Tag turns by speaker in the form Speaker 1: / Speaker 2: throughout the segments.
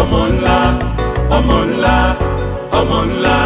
Speaker 1: ọmọ ńlá ọmọ ńlá ọmọ ńlá.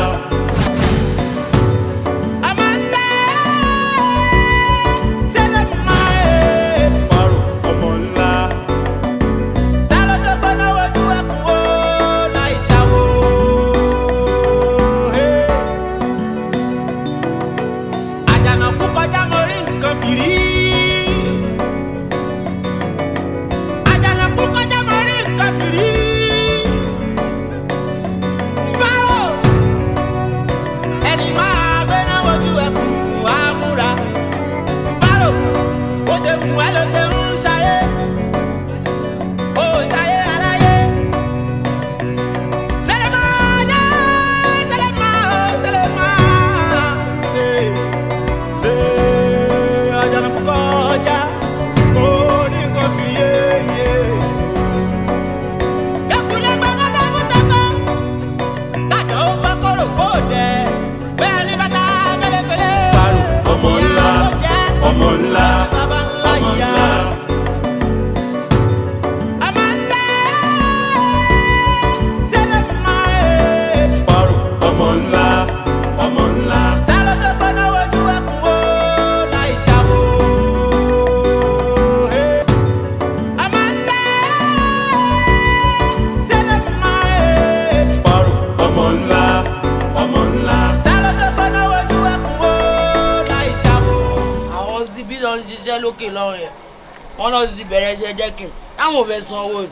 Speaker 2: ò fẹ́ san owó
Speaker 3: ni.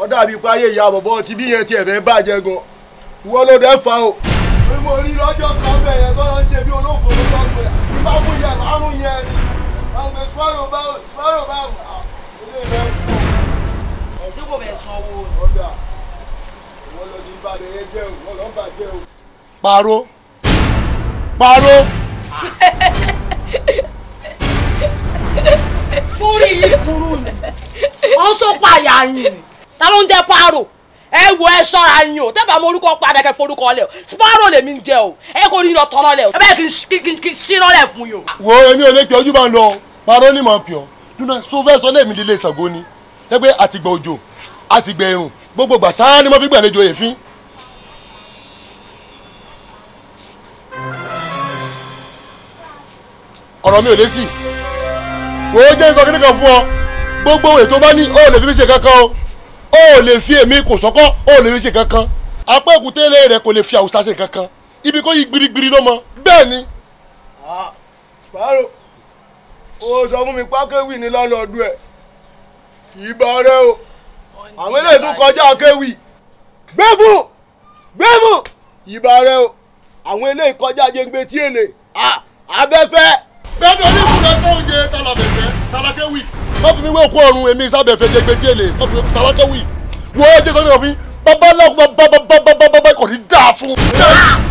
Speaker 3: ó dàbí pé ayé ìyá bọ̀bọ̀ ti bí yẹn tiẹ̀ fẹ́ bàjẹ́ gan ìwọ ló dẹ́ fa o. mo rí lọ́jọ́ kan bẹ̀ yẹn tó lọ ń ṣe bí olóòfò lọ́gbọ̀n ìbá mú yẹn àrùn yẹn ni àwọn ìfọ̀rọ̀ bá ìfọ̀rọ̀ bá ah, ilé rẹ̀ pọ̀. ẹ̀ kò fẹ́ san owó ni. ọ̀dà ìwọ lọ sí ìbàdàn yẹn jẹ́ o wọ́n lọ́ bàjẹ́ o. paro paro.
Speaker 2: fúri yìí burú ni ó sọ pààyà yìí ta ló ń jẹ paro ẹ wo ẹ ṣọ́ra yín o tẹ́ bá mọ orúkọ padà kẹ forúkọ lẹ o sparo lèmi ń jẹ o ẹ kò ní lọ tọ́nà lẹ o ẹ bẹ́ẹ̀ kì í kì í ṣínà lẹ fún yìí o. wo
Speaker 3: èmi ò lè pè ojú bá ń lọ paro ni màá pè ọ dúnà so fẹ́ sọ lẹ́ẹ̀mí lílé Ṣàngó ni ẹ pé àtìgbà òjò àtìgbà ẹ̀rùn gbogbo gbà sáà ni mo fi gbàlejò èéfín. ọ̀rọ̀ mi ò lé sí i. wò ó jẹ́ nǹkan kíníkan fún ọ gbogbo ètò bá ní o lè fi mí ṣe kankan o o lè fi èmi kò sọ́kọ́ o lè fi ṣe kankan apá èkúté ilé rẹ kò lè fi àwùsá ṣe kankan ibi kò yí gbirigbiri ló mọ bẹ́ẹ̀ ni. Sparrow o sọ fún mi pákéwì ní lọ́nà ọdún ẹ̀ ìbá rẹ o àwọn eléyìí tún kọjá kéwì gbẹ́fù gbẹ́fù ìbá rẹ o àwọn eléyìí kọjá jẹ́ngbé tí èlé abẹ́fẹ́. gbẹ́dọ̀ ní kúrẹ́sẹ̀ oúnjẹ tálàbẹ̀fẹ́ tálákéwì wọ́n fi mi ọ̀run èmi sábẹ̀ fẹ́ jẹgbẹ́ tí èlé wọ́n fi mi wì wọ́n jẹ́ sọ́ni òfin bàbá lọ́kùn bàbá bàbá bàbá bàbá kò ní dáa fún. Yeah!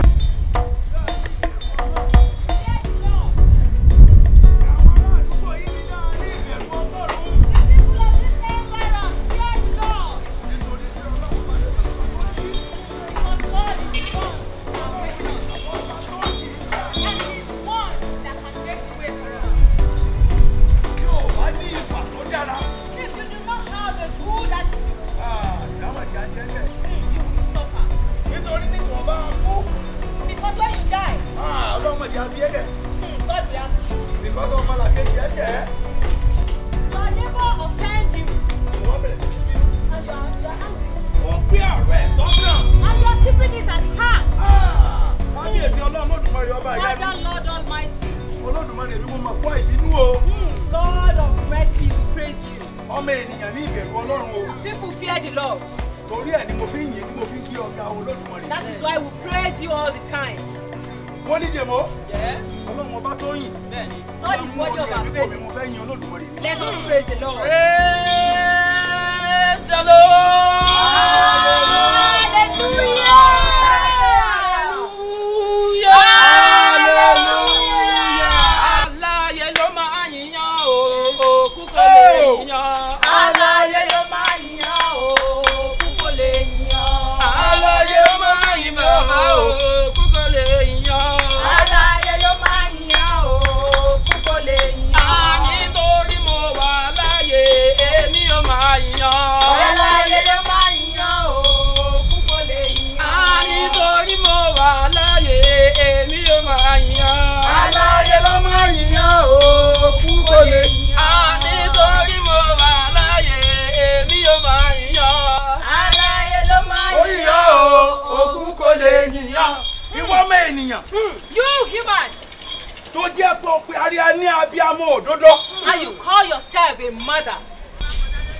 Speaker 2: a mother.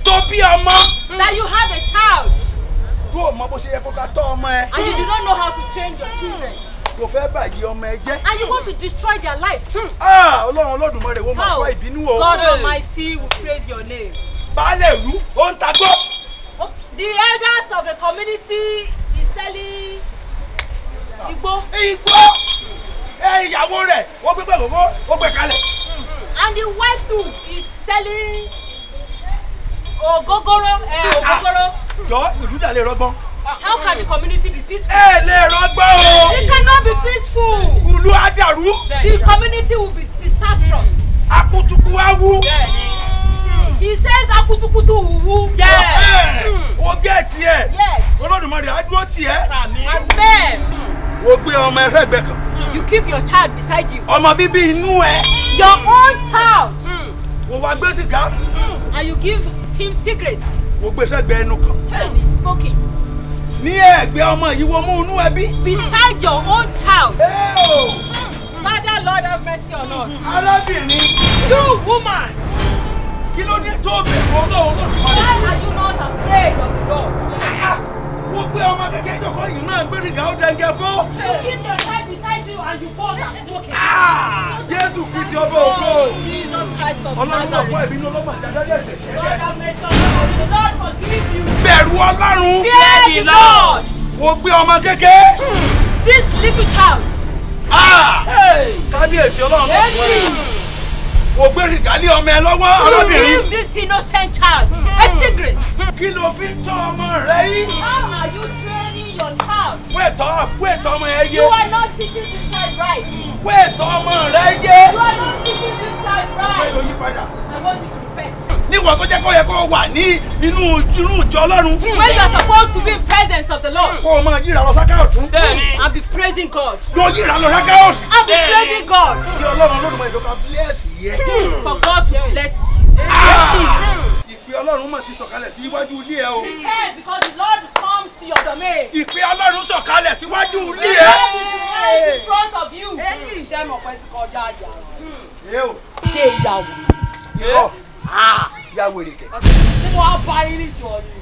Speaker 2: tó bí ọmọ. Mm. that you have a child.
Speaker 4: and you do not know how to train your children.
Speaker 2: and you want to destroy their lives. Hmm. Ah,
Speaker 4: how? God
Speaker 2: Almighty will praise your name. Oh, the elders of a community is selling igbó. and the wife too is tẹ́lí ògógóró ẹ ah. ògógóró.
Speaker 4: jọ ìlú dà lè rọgbọn.
Speaker 2: how can the community be peaceful. ẹ lè rọgbọn o. it cannot be peaceful. ìlú á the community will be disastrous. akutuku á wú. he says akutukutu wuwu. o gé tiẹ̀
Speaker 4: olódùmarè á dúró tiẹ̀. amen. wo gbé ọmọ ẹrẹ́gbẹ́ kan. you keep your child beside you. ọmọ bíbí
Speaker 2: inú ẹ. your own child. Mm o wá gbé sìgá. Hmm, and you give him cigarettes. mo gbé sẹ́gbẹ̀ẹ́ ẹnu kan. when smoking. ní ẹ̀gbẹ́ ọmọ yìí wo mú inú ẹbí. beside your own child. Oh. Hmm, father lord have mercy on us. arábìnrin. you woman.
Speaker 4: kí ló dé tó bẹ̀rù ọlọ́run ló dùn. why are you not afraid of the lord. wọ́n ah, ah, ah. gbé ọmọ kékeré jọkọ́ yìí náà gbé sìgá ó dẹ́ngẹ́ fún. you give me
Speaker 5: a
Speaker 2: Ah!
Speaker 4: Yes, kiss your Jesus
Speaker 2: Christ! Jésù Kristi ọba ògo. Ọlọ́run náà kọ́ ẹ̀bí ní ọlọ́mọ àti adájọ́ forgive
Speaker 4: you. Bẹ̀rù Ọlọ́run. Fear the Lord. Mo gbé ọmọ kékeré. Hmm.
Speaker 2: This little child. Ah!
Speaker 4: Kábíyèsí Ọlọ́run náà kọ́ ẹ̀bí o gbé rìgálí ọmọ ẹ lọ́wọ́ hmm. arábìnrin. you give this
Speaker 2: innocent child a cigarette. kí ló fi ń tọ́ ọmọ rẹ yìí. how are you out.
Speaker 4: Wait up, uh, wait ọmọ ẹ You are
Speaker 2: not teaching this side right.
Speaker 4: Wait ọmọ rẹ You are not
Speaker 2: teaching this side right. I want you to repent.
Speaker 4: Níwọ̀n tó jẹ́ kó yẹ kó wà ní inú inú ìjọ Ọlọ́run. When
Speaker 2: you are supposed to be in presence of the Lord. Kó o máa yíra lọ sáká ọ̀tún. Bẹ́ẹ̀ni. be praising God. Lọ
Speaker 3: yíra lọ sáká ọ̀tún. I be praising God.
Speaker 4: Kí Ọlọ́run Olódùmarè
Speaker 3: ló ká bless
Speaker 4: yẹ. Hmm. For God to bless you. Ah! ìpè ọlọ́run mọ̀ ti sọ̀kalẹ̀ sí ilé ẹ o. because
Speaker 2: the Lord comes to your domain. ìpè ọlọ́run sọ̀kalẹ̀ síwájú ilé ẹ. ẹ in front of you. ẹni iṣẹ́ mọ̀ pé ti kọjá àjà. ṣé ìyàwó
Speaker 4: rẹ̀. Ah, yàwó rẹ̀ kẹ́.
Speaker 2: tí mo á bá irin jọ ni.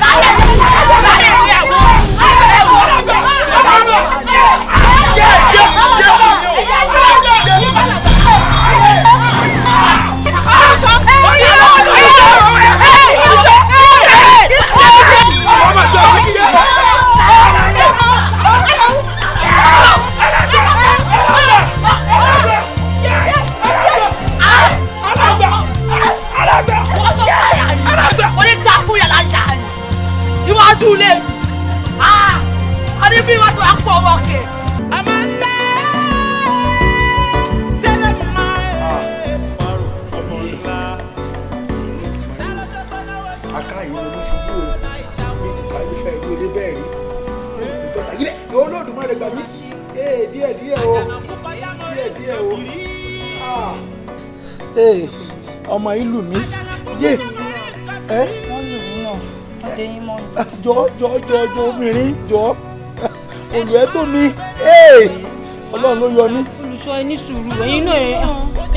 Speaker 2: mi. olùṣọ́ ẹ ní sùúrù ẹ̀yin náà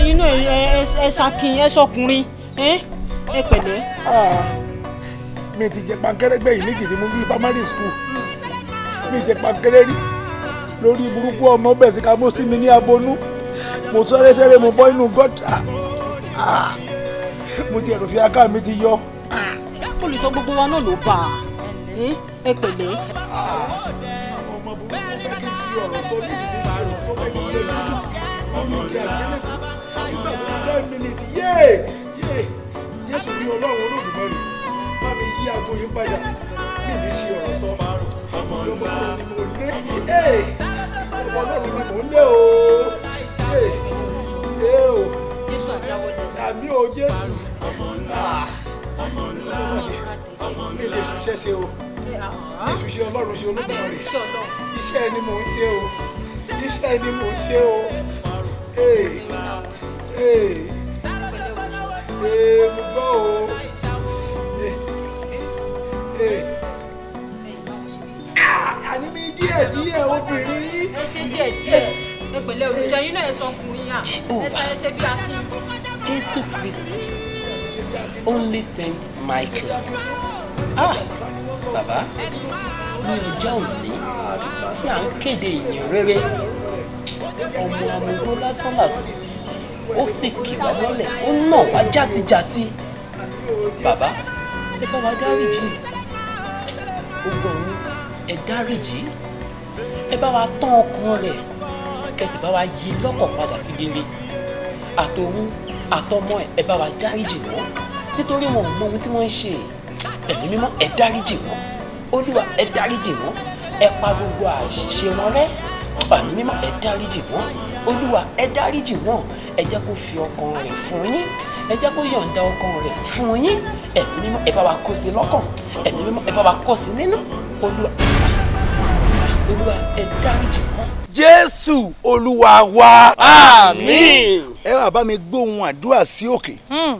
Speaker 2: ẹ̀yin náà ẹ ṣàkín ẹ
Speaker 4: ṣọkùnrin ẹ pẹ̀lẹ́. Ah, mi ti jẹ pankẹ́rẹ́ gbẹ̀yìn nígbì tí mo bí primary school mi jẹ pankẹ́rẹ́ rí lórí burúkú ọmọ bẹ̀ sí ká mọ́ sí mi ní abonú mo sọ́rẹ́ sẹ́rẹ́ mo bọ́ inú gọ́tà ah, ah, mo ti ẹ̀rọ fi aká mi ti yọ. olùṣọ́ gbogbo wa náà ló bá a ẹ pẹ̀lẹ́. ọmọ burúkú bẹ́ẹ̀ kí n sí ọ̀rọ̀ sọ́ọ́ ọmọdéla ọmọdéla ọmọdéla ten minutes yéé yéé jésù ní ọlọ́run olódùmarè bá mi yí aago yìí padà mi
Speaker 5: ní ṣe ọ̀rọ̀ sọ ọmọdéla ọmọdéla ọmọ ọlọ́run ni mò ń lé o yéé yéé o àmì o jésù ọmọdéla ọmọdéla èṣù ṣẹṣẹ o èṣù ṣe ọlọ́run ṣe olódùmarè iṣẹ́ ni mò ń ṣe o iṣẹ́ ni mo ṣe o mo
Speaker 2: ah, mi díẹ̀ díẹ̀ obìnrin. ẹ ṣe díẹ̀ díẹ̀ ẹ pẹ̀lẹ́ olùjọ yín náà ẹ sọ ọkùnrin yà ẹ ṣe ṣe bí akin. Jésù Kristi
Speaker 1: only Saint Michael ah bàbá
Speaker 2: ní ọjọ́ òní tí à ń kéde ìyìn rere ọmọ ọmọ lásán lásán ó sì kì wá mọ́lẹ̀ ó nà wá játijàti bàbá ẹ bá wa dáríjì gbogbo òun ẹ dáríjì ẹ bá wa tán ọkàn rẹ̀ ẹ sì bá wa yí lọ́kàn padà sí délé àtòun àtọmọ ẹ bá wa dáríjì wọn nítorí wọn ò mọ ohun tí wọ́n ń ṣe ẹ̀mí mímọ́ ẹ dáríjì wọn olúwa ẹ dáríjì wọn ẹ pa gbogbo àṣìṣe wọn rẹ́ ọba mi mímọ́ ẹ dáríjì wọ́n olúwa ẹ dáríjì wọ́n ẹ jẹ́ kó fi ọkàn rẹ̀ fún yín ẹ jẹ́ kó yọ̀ǹda ọkàn rẹ̀ fún yín ẹ̀mí mímọ́ ẹ bá wa kó sí lọ́kàn ẹ̀mí mímọ́ ẹ bá wa kó sí nínú olúwa olúwa ẹ dáríjì wọ́n.
Speaker 1: jésù
Speaker 4: olúwa wa àmín. ẹ wá bá mi gbóhùn àdúrà sí òkè hmm.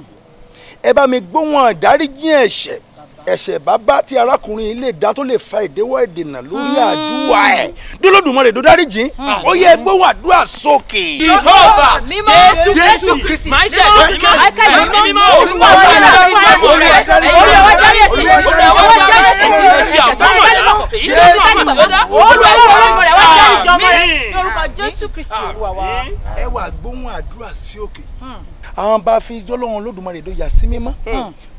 Speaker 4: ẹ bá mi gbóhùn àdáríjì ẹ̀ṣẹ̀ ẹ̀ṣẹ̀ bàbá tí arákùnrin lè dá tó lè fa ìdíwọ́ ìdènà lórí àdúrà ẹ̀ dúlódùmọ̀rẹ̀ tó dáríjì ó yẹ gbọ́ wàdúrà sókè. ìhọ́ọ̀bà mímọ́ jésù kristi máìkẹ́lì
Speaker 2: mímọ́ olúwa wọlé fún àkórí ẹ̀ olúwa wá dárí ẹ̀ṣẹ̀ olúwa wá dárí ẹ̀ṣẹ̀ ẹ̀ṣẹ̀ àtọ́nù
Speaker 4: rẹ̀ jésù olúwa wọlé ọmọ wá dárí ìjọba rẹ̀ lórúkọ jésù kristi olúwa wa. ẹ wá gbóhùn àdúrà sí òkè àwọn bá fi jọlọ́run Olódùmarè ló yà sí mímọ́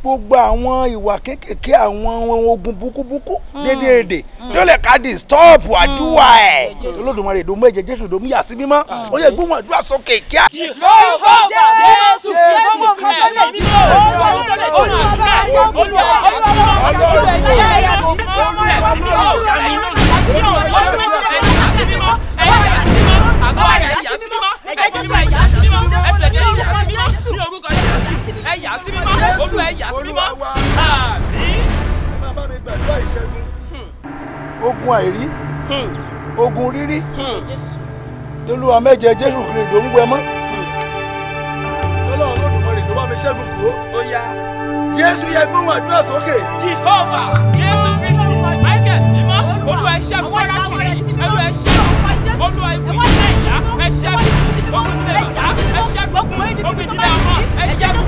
Speaker 4: gbogbo àwọn ìwà kéékèèké àwọn ogun bukubuku dédéédé yóò lè ká àdúrà ẹ̀ Olódùmarè ló mú ẹ̀jẹ̀ Jésù ló mú yà sí mímọ́ ó yẹ gbóhùn àdúrà sókè kíá. lọ́wọ́ Jésù lọ́wọ́ kọ́kọ́ lè jí lọ́wọ́ olùwà bá yẹ sí olùwà bá yẹ sí olùwà bá yẹ sí
Speaker 5: olùwà bá yẹ sí olùwà bá yẹ sí
Speaker 1: mímọ́ ẹ̀yà sí mímọ́ ẹ̀jẹ̀ Jésù ẹ̀yà sí mímọ́ ẹ̀jẹ̀ Jésù ẹ̀yà
Speaker 2: sí mímọ́ ní orúkọ ẹ̀yà sí ẹ̀yà sí mímọ́ olú ẹ̀yà sí mímọ́ àmín.
Speaker 4: ẹ máa bá
Speaker 3: mi ogun àìrí hmm. ogun rírí
Speaker 4: lólúwa hmm. méje Jésù kìrìdò ń wẹ mọ́ hmm. ọlọ́run lódùmarè ló bá mi ṣẹ́gun kúrò Jésù yẹ gbóhùn àdúrà sókè. Jehovah Jésù Kristi
Speaker 2: Michael mímọ́ olúwa ẹ ṣẹ́gun fún arákùnrin ẹlú ẹ olúwa ikú ìdílé ìyá ọmọ yìí torí pé ẹ̀jẹ̀ jésù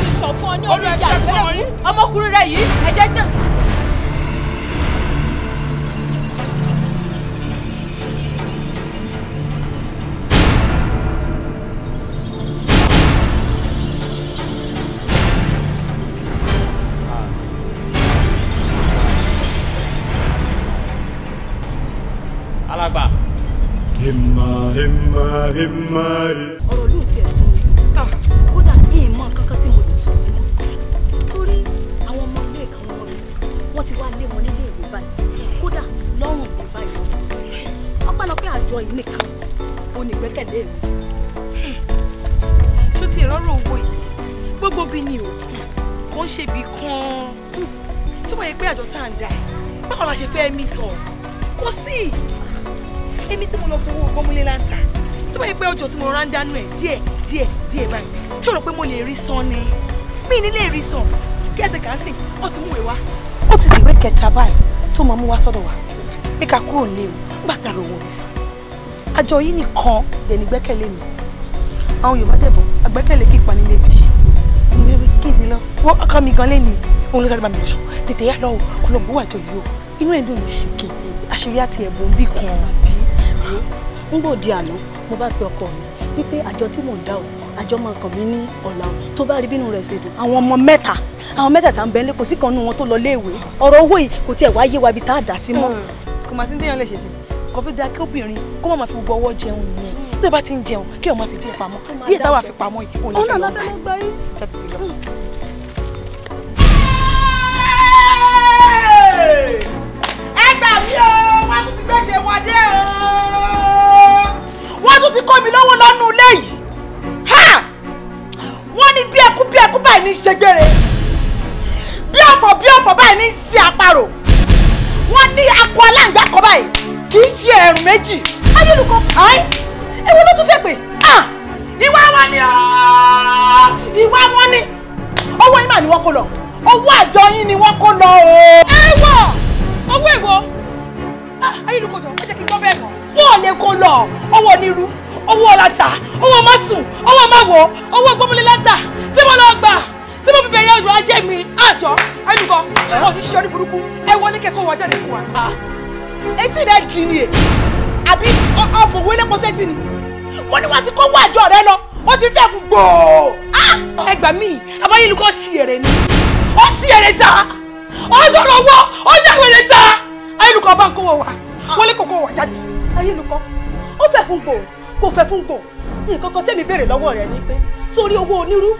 Speaker 2: ti sọ fún ọ ní orí ìyá àgbélébùú ọmọkùnrin rẹ yìí ẹ̀jẹ̀ jésù.
Speaker 1: himma himma.
Speaker 5: ọ̀rọ̀ yóò tiẹ̀ sún ah, mi kódà
Speaker 2: ìmọ̀ kankan tí mo lè sọ sí mọ́ sórí àwọn ọmọ ilé àwọn ọmọ mi wọ́n ti wá lé wọn nílé ìwé báyìí kódà lọ́rùn mi báyìí wọ́n kò sí ọpẹ́lọpẹ́ àjọ yìí nìkan ò ní gbẹ́kẹ̀lé mi. tó hmm. ti rọrùn owó yìí gbogbo bí ni o kò ń ṣe bí kan hmm. tó bá yẹ pé àjọ tá à ń dà báwo la ṣe fẹ́ mí tọ̀ kò sí èmi tí mo lọ fowó gbọ́múlé láǹtà tó bá yẹ pé ọjọ́ tí mo rán dánú ẹ̀ díẹ̀ díẹ̀ díẹ̀ báyìí tí o rò pé mo lè rí san ni mi ní lè rí san kí ẹsẹ̀ kàn sìn ó ti mú ìwé wá. ó ti dìwé kẹta báyìí tó máa mú wá sọ́dọ̀ wa pé ká kúrò nílé o nígbà tá a rò wò mí sàn. àjọ yìí nìkan dẹ̀ ní gbẹ́kẹ̀lé mi àwọn Yorùbá dẹ̀bọ̀ àgbẹ́kẹ̀lé kípa nílé bí mi kí ni lọ wọ́n ọkọ mi gan lẹ́nu òun ló sáré bá mi lọ sọ tètè yá lọ kó lọ bó wàjọ yìí o inú ẹ̀ dùn mí ṣìkì àṣírí àti ẹ̀bùn bí kan wo ngbò di àná mo bá pe ọkọ mi wípé àjọ tí mò ń dá o àjọ máa kàn mí ní ọ̀la tó bá rí bínú rẹ̀ ṣe dùn àwọn ọmọ mẹ́ta àwọn mẹ́tẹ̀ẹ̀ta ń bẹ nílé sí kan nínú wọn tó lọ léèwé ọ̀rọ̀ owó yìí kò tiẹ̀ wá wa ibi tá a dà sí mọ́. Hmm. kò mà sí déyàn lè ṣe sí kò fi da kí kó má máa fi gbọ́ ọwọ́ jẹun yẹn hmm. tó bá ti ń jẹun kí ọmọ fi díẹ̀ pamọ́ díẹ̀ táwa fi pamọ́ yìí òun ló fẹ́ lọ́ọ́ hmm. ẹ wọ́n tún ti gbẹ́sẹ̀ wọn dé o wọ́n ti kó mi lọ́wọ́ lọ́nu ilé yìí wọ́n ní bí ẹkú bí ẹkú báyìí ní í ṣe gbére bí ọ̀fọ̀ bí ọ̀fọ̀ báyìí ní í ṣe àparò wọ́n ní akọ aláǹgbá kan báyìí kì í ṣe ẹ̀rùn méjì ayélujára ayé ewu ló tún fẹ́ pè ah ìwà wọn ni ìwà wọn ni owó yín mà ni wọ́n kó lọ owó àjọ ni wọ́n kó lọ ẹ wọ owó èwo ayélujájọ ó jẹ́ kí n gbọ́ bẹ́ẹ̀ mọ́ wọ́n ò lè kó lọ owó onírú owó ọ̀làtà owó másùn owó máwọ̀ owó gbọ́mọlélátà tí mo lọ gbà tí mo fi bẹ̀rẹ̀ ọjọ́ ajé mi àjọ ayélujájọ wọn ò ní ṣe orí burúkú ẹ wọlé kẹ́kọ̀ọ́ wọ jáde fún wa. Ah. etí rẹ dì ní e àbí ọfọwọlé pọsẹtì ni wọn ni wọn ti kó wọ àjọ rẹ lọ ó ti fẹ́ fún gbòò. Ah! ẹ gbà mí abáyélujájọ ṣì èrè ni ó ṣì èrè sá
Speaker 1: ó sọ̀rọ̀ wọ́
Speaker 2: ó yàgò èrè sá ayélukọ bá ń kówó wa wọlé kókó wa jáde. ayélukọ ó fẹ́ fún gbòò kò fẹ́ fún gbòò nǹkan kan tẹ́mi béèrè lọ́wọ́ rẹ̀ ni pé sórí owó onírú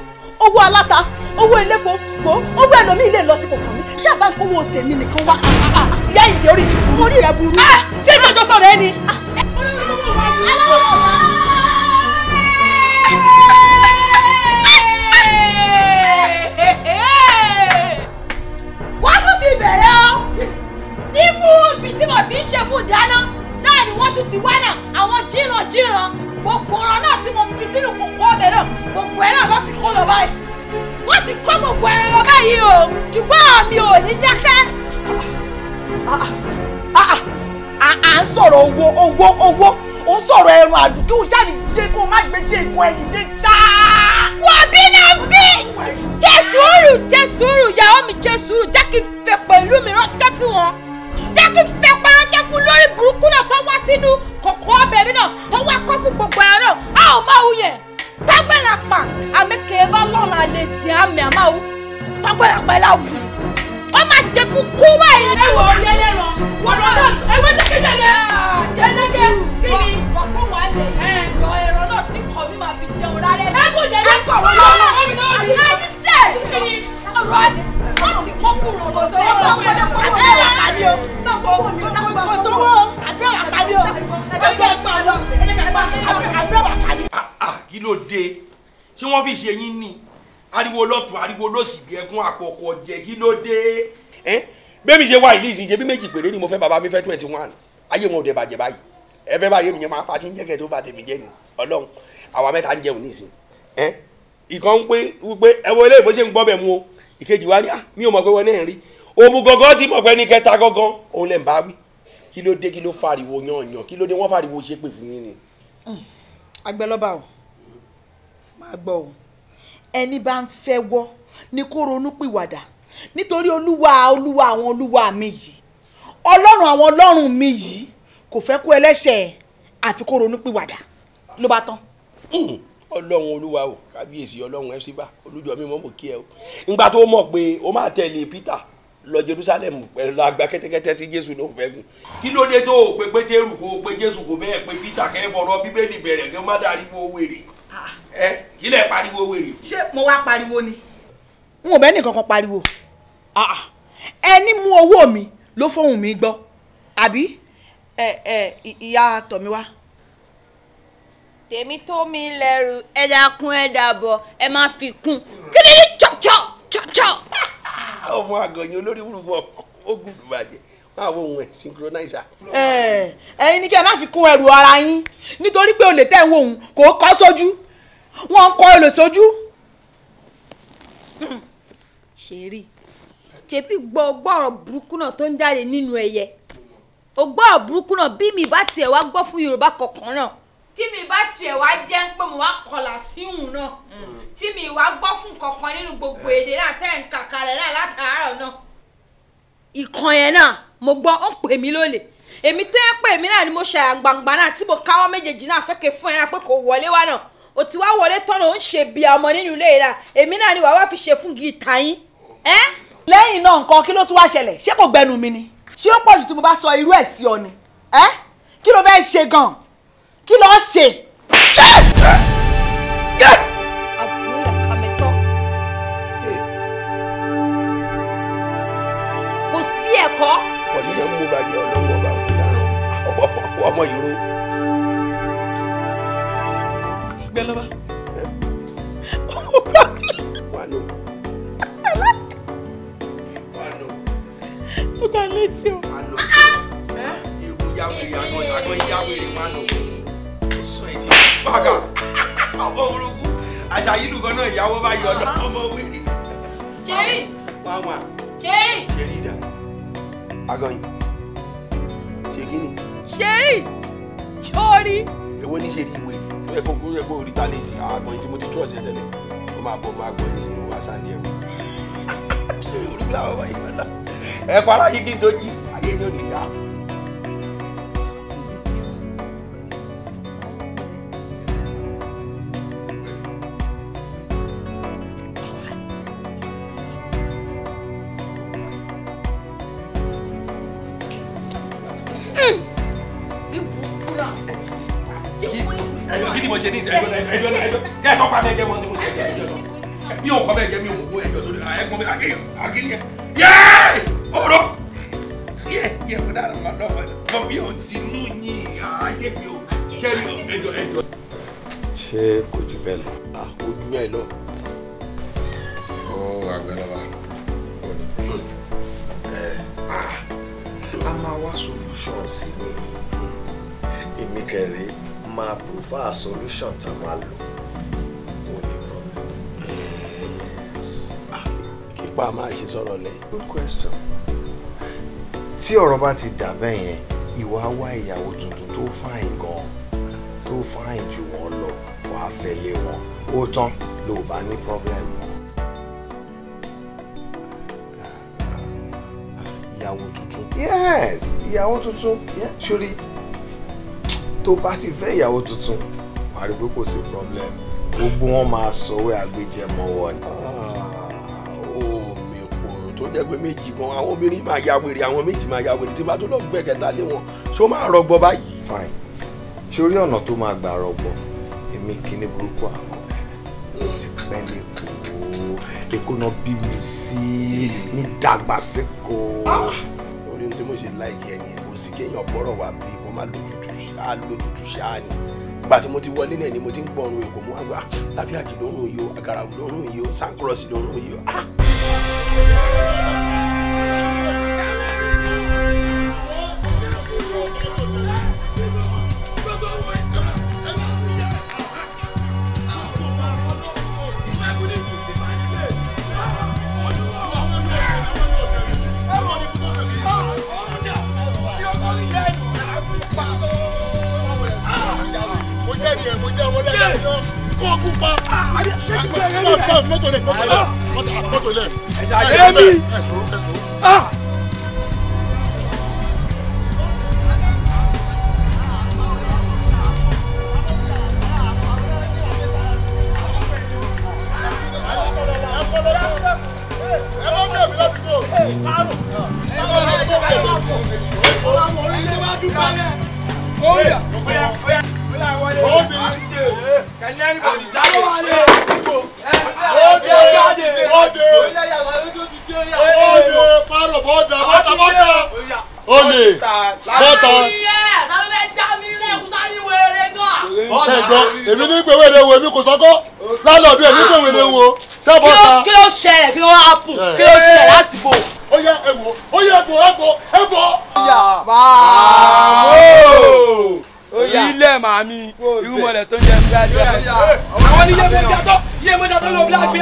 Speaker 2: owó aláta owó elépo gbòó owó ẹlòmíì lè lọ sí kò kàn mí ṣáàbà ń kówó tèmi nìkan wá. ìyá ìdè orí yìí burú orí rẹ burú. ṣé ìjọjọ sọ̀rọ̀ ẹ ni. aláwọ̀ ah. náà wà. tún ti bẹ̀rẹ̀ o ní fún ibi tí mo ti ń ṣe fún ìdáná náà ni wọ́n tún ti wá náà àwọn jìnnàjìnnà gbogbo ọ̀rọ̀ náà tí mo fi sínú kòkó ọbẹ̀ náà gbogbo ẹ̀ náà ló ti kó lọ báyìí wọ́n ti kó gbogbo ẹran lọ báyìí o ṣùgbọ́n mi ò ní dákẹ́. à ń sọ̀rọ̀ owó owó owó ó sọ̀rọ̀ ẹran àdùnkí ó ṣáà ní ṣe kó má gbé ṣe nǹkan ẹ̀yìn dé ṣáá. wọ́n bí náà bí jẹ́ sùúrù jẹ́ sùúrù ìyàwó mi jẹ́ sùúrù jẹ́ kí n fẹ́ pẹ̀lú mi rán jẹ́ fún wọn jẹ́ kí n fẹ́ parọ́jẹ́ fún lórí burúkú náà tó wá sínú kòkó ọbẹ̀ mi náà tó wá kọ́ fún gbogbo ẹ̀rọ a ò máa wù yẹn tágbẹ̀rẹ̀ àpà àmì kèéfà lọ́la lè sí àmì àmáwù tágbẹ̀rẹ̀ àpà ẹ̀ láwù wọ́n máa jẹ kú kú báyìí. ẹ wọ ọyẹ lẹrọ wọn lọ dọsùn ẹ wọ́n dẹ́kẹ́ dẹ́kẹ́ jẹ́dẹ́kẹ́ kí ni. bọ̀tọ̀ ah, wà lè yọ ẹ̀rọ náà tí kò mí máa fi jẹun rárẹ̀. ẹ kò jẹ́ ẹ sọ̀rọ̀ lọ́wọ́ àyájí sẹ́ẹ̀ ọ̀rọ̀ àti kọ́fù rọ̀ lọ́sọ̀rọ̀ lọ́wọ́ pẹ̀lú
Speaker 3: ọ̀rọ̀ àti ẹ̀rọ àti
Speaker 4: ẹ̀rọ kó kó sówó àdúrà wà pàdé o àdúrà wà pàdé o àdúrà wà pàdé. kí ló dé ṣé wọ́n fi ṣe yín ni ariwo lọ́tún ariwo lọ́sì bí ẹkún àkọ́kọ́ jẹ́ kí ló dé. bẹ́ẹ̀mi ṣe wá ìlú ìsìn ṣe bí méjì péré ni mo fẹ́ bàbá mi fẹ́ twenty one ayé wọn ò dẹ̀ bàjẹ́ báyìí ẹ fẹ́ báyé mi yẹn máa fa kí n jẹ́ kẹ́ tó bá tèmi jẹ́ ni ọlọ́run àwa mẹ́ta ń jẹun nísìn ìkan ń pé wípé ẹ wo eléyìí bó ṣe ń gbọ́ bẹ̀ mu o ìkejì wa ni ah, mi ò mọ̀ pé wọ́n náà ń rí òun gangan ti mọ̀ pé ní kẹta gangan òun lè ń bá wí kí ló dé kí ló fariwo yanyan kí ló dé wọ́n fariwo ṣépè fún yín ni.
Speaker 2: àgbẹ̀lọ́ba hmm. o máa gbọ́ o ẹni bá ń fẹ́ wọ́ ni kó ronú pìwàdà nítorí olúwa olúwa àwọn olúwa mi yìí ọlọ́run àwọn ọlọ́run mi yìí kò fẹ́ kú ẹlẹ́ṣẹ̀ àfi kó ronú pìwàdà ló bá tán.
Speaker 4: Hmm. ọlọ́run olúwa o kábíyèsí ọlọ́run ẹ síbà olújọ mi mọ́ mọ́ kí ẹ o ìgbà tó mọ̀ pé o máa tẹ̀lé Peter lọ Jerusalem pẹ̀lú agba kẹ́tẹ́kẹ́tẹ́ tí Jésù ló ń gùn kí ló dé tó o pé Pétérù kó o pé Jésù kò bẹ́ẹ̀ pé Peter kẹ́ fọ̀rọ̀ Bíbélì bẹ̀rẹ̀ kí o má dariwo wèrè ẹ kí lẹ̀ pariwo wèrè ṣé
Speaker 2: mo wá pariwo ni. n ò bẹ́ẹ̀ nìkan kan pariwo ah, ah. ẹni mú owó mi ló fóun mi gbọ́ àbí ìyá tọ̀míwá tèmi tó mi lẹ́rù ẹ̀dá kún ẹ̀dá bọ̀ ẹ máa fi kún kí ni ní chọ́chọ́ chọ́chọ́
Speaker 4: ọmọ àgọ̀yìn olórí wúrúwú ó gùdù bàjẹ́ máa wo ohun ẹ̀ synchronizer.
Speaker 2: ẹyin ní kí ẹ má fi kún ẹrù ara yín nítorí pé olè tẹ̀ ń wo òun kò kọ́ sójú wọ́n ń kọ́ olè sójú. ṣe rí ṣèbí gbọ́ ọgbọ́rọ̀ burúkú náà tó ń jáde nínú ẹyẹ ọgbọ́rọ̀ burúkú náà bí mi bá tiẹ̀ wá gbọ́ fún Yorùbá kọ̀ọ̀kan náà tí mi bá tiẹ̀ wá jẹ́ ń pé mo wá kọlà síhùn náà tí mi wá gbọ́ fún kankan nínú gbogbo èdè náà tẹ́ ń kàkàlẹ̀ náà látàárọ̀ náà. ìkan yẹn náà mo gbọ́ ó pè mí lólè èmi tó yẹ pé èmi náà ni mo ṣe àgbàǹgbà náà tí mo káwọ́ méjèèjì náà sókè fún ẹ náà pé kò wọlé wá náà o ti wá wọlé tọ́nà ó ń ṣe bí ọmọ nínú ilé yìí náà èmi náà ni wàá wá fi ṣe fún gìtá yín. lẹ́yìn náà nǹkan kí ló tún wá ṣẹlẹ̀ ṣé kò gbẹnu mi ni ṣé ó pọ̀jù tí mo bá sọ irú ẹ̀ sí ọ ni kí ló fẹ́ ṣe gan-an kí ló ṣe. kò sí ẹ̀kọ́.
Speaker 4: fọ̀tíyẹ mú bàjẹ́ ọlọ́wọ́ bá wọn dáhùn ọmọ ìró. gbẹlọba. wàánu. wàánu. ó gbà létí o. wàánu. ìwúyàwó ìyàwó ìyàwó ìyàwó ìyàwó bàkà ọmọ burúkú àṣàyí lùkọ́ náà ìyàwó bá yọ ọ̀dọ̀ ọmọ wíìrì. jerry wá wá jerry jerry dà agọyin ṣe kí ni. jerry sórí. èwo ní ṣe rí ìwé ẹ kò kúrò ẹ kò rí tálẹ́ǹtì àgbọ̀n tí mo ti trọ́ọ̀sì ẹ tẹ́lẹ̀ ó máa bọ̀ máa gbọ́ nísìnyí wá sáà ní kí n dojú ayé ni ó ní dáa. pa máa ṣe sọ̀rọ̀ lẹ̀. good question tí ọ̀rọ̀ bá ti dà bẹ́ẹ̀ yẹn ìwà wá ìyàwó tuntun tó fáìn gan tó fáìn jù wọ́n lọ wàá fẹ́lẹ́ wọn ó tán ló bá ní problem wọn. ìyàwó tuntun yes ìyàwó tuntun sórí tó bá ti fẹ́ ìyàwó tuntun wàá rí pé kò sí problem gbogbo wọn máa sọ wẹ́ agbẹjẹmọ́wọ́ ni jẹ́ pé méjì gan àwọn obìnrin máa ya wèrè àwọn méjì máa ya wèrè tí bá tó lọ gbẹ kẹta lé wọn ṣó máa rọgbọ báyìí. fine sórí ọ̀nà tó máa gbà rọgbọ èmi kíní burúkú àkọ́ ti pẹ́ lẹ́kọ̀ọ́ èkó náà bí mi sí mi dàgbà síkò. Ah! orí ohun tí mo ṣe láìkí ẹni kò sí kéèyàn bọ́rọ̀ wá bí kó má lójútùú ṣáá ni nígbà tí mo ti wọlé náà ni mo ti ń gbọ́ ọ̀run èkó mú àgbà ah, láfíà kì lórun yìí o àgàràwù lórun yìí o sancross lórun yìí o. Ah!
Speaker 3: Yeah. Ah. lò bọ́ọ̀dà bọ́ọ̀dà bọ́ọ̀dà olè bọ́ọ̀dà. ṣe gbọ́ èmi ní pé wèrè wo èmi kò sọ́kọ́ lálọ́ọ̀dún èmi pé wèrè wo ṣé bọ́ọ̀dà. kí ló ṣẹlẹ̀ kí ló wá pù eh. kí ló ṣẹlẹ̀ lásìkò. ó yẹ ẹ̀wọ̀ ó yẹ ẹ̀bọ̀ ẹ̀bọ̀ ẹ̀bọ̀ ilé
Speaker 2: màmí irúmọlẹ̀ tó ń jẹ fúláàdì
Speaker 3: àwọn ní yémo jàtọ yémo jàtọ ló blackberry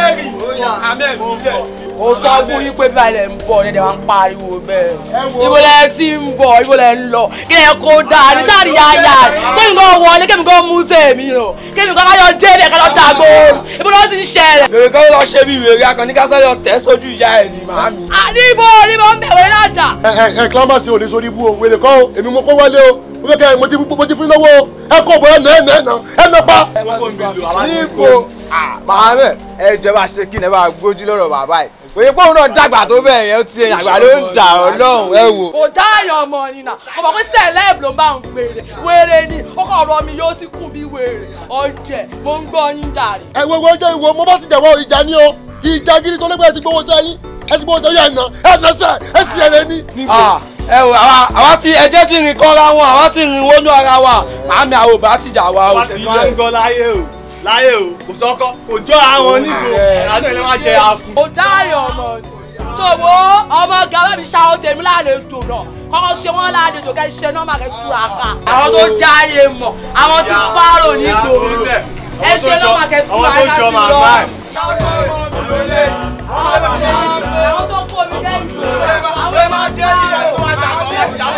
Speaker 5: àmì ẹfí
Speaker 2: lẹ. ó sọ fún yín pé balẹ̀ ń bọ̀ dẹ́dẹ̀ wá ń pariwo
Speaker 5: bẹ́ẹ̀ ibo lẹ ti
Speaker 2: ń bọ̀ ibo lẹ ń lọ kí lẹ kó dáa ní sáré yáyà kémi kò wọlé kémi kò mú tèmi o kémi kò káyọ̀ débẹ̀ káyọ̀ dàgbò ibo lọ ti ń ṣẹlẹ̀. bèrè kan lọ ṣe bí wèrè akọni kásá lọ tẹ sójú ìyá ẹ ní màmí. àdìbò onímọ̀ ń bẹ̀rẹ̀ náà dà.
Speaker 3: ẹ ẹ ẹ kílámàsì ò ní sórí ibú o wèrè kọ́ o èmi mo kó wálé o mo kẹ́ mo ti mo ti fi lọ́wọ́ ẹ kó bọ́ ẹnà ẹnà ẹnà ẹnà pa.
Speaker 5: níbo
Speaker 3: màá bẹ̀ ẹ jẹ́ bá
Speaker 4: ṣe kí ni ẹ bá gbójú lọ́rọ̀ bàbá yìí òye pé náà dàgbà tó bẹ́ẹ̀ yẹn ti àgbà ló ń dà ọ́ lọ́hùn ẹ wò.
Speaker 2: kò dáyọ̀ ọmọ nìyà ọmọ pé sẹ́lẹ̀b ló máa ń wèrè wèrè ni ó kọ̀ ọ̀rọ̀ mi
Speaker 3: yóò sì kún bí wèrè ọ̀jẹ̀ mo ń gbọ́ yín dàrí. ẹ wo wo jẹ́ ìwọ mo bá ti jẹ̀wọ́ ìjà ni o ìjà gidi tó lẹ́gbẹ̀ẹ́ ti gbowó sẹ́yìn ẹ ti gbowó sẹ́yìn ẹ̀ nà sẹ́ ẹ̀ sì ẹ̀rẹ́ ni
Speaker 1: ẹ o àwa àwa ti ẹ̀jẹ̀ ti rìn kọ́ra wọn àwa ti rìn wọnú ara wa màámi àwọn òbá ti jà wa o fi lẹ. láyé o kò sọkọ kò jọ àwọn nígbò àánú ẹ̀ lè má jẹ àfún.
Speaker 2: o dáyọ̀ ọmọ ṣòwò ọmọ gàwé mi ṣàwọn tèmi lálejò náà kọ́kọ́ ṣe wọ́n lálejò kẹ́ ṣe nọ́ọ̀mà kẹ́ tu àká. àwọn tó dáyé mọ̀ àwọn tí sparrow ní gbòòrò
Speaker 5: ẹ ṣe nọ́ọ̀mà kẹ́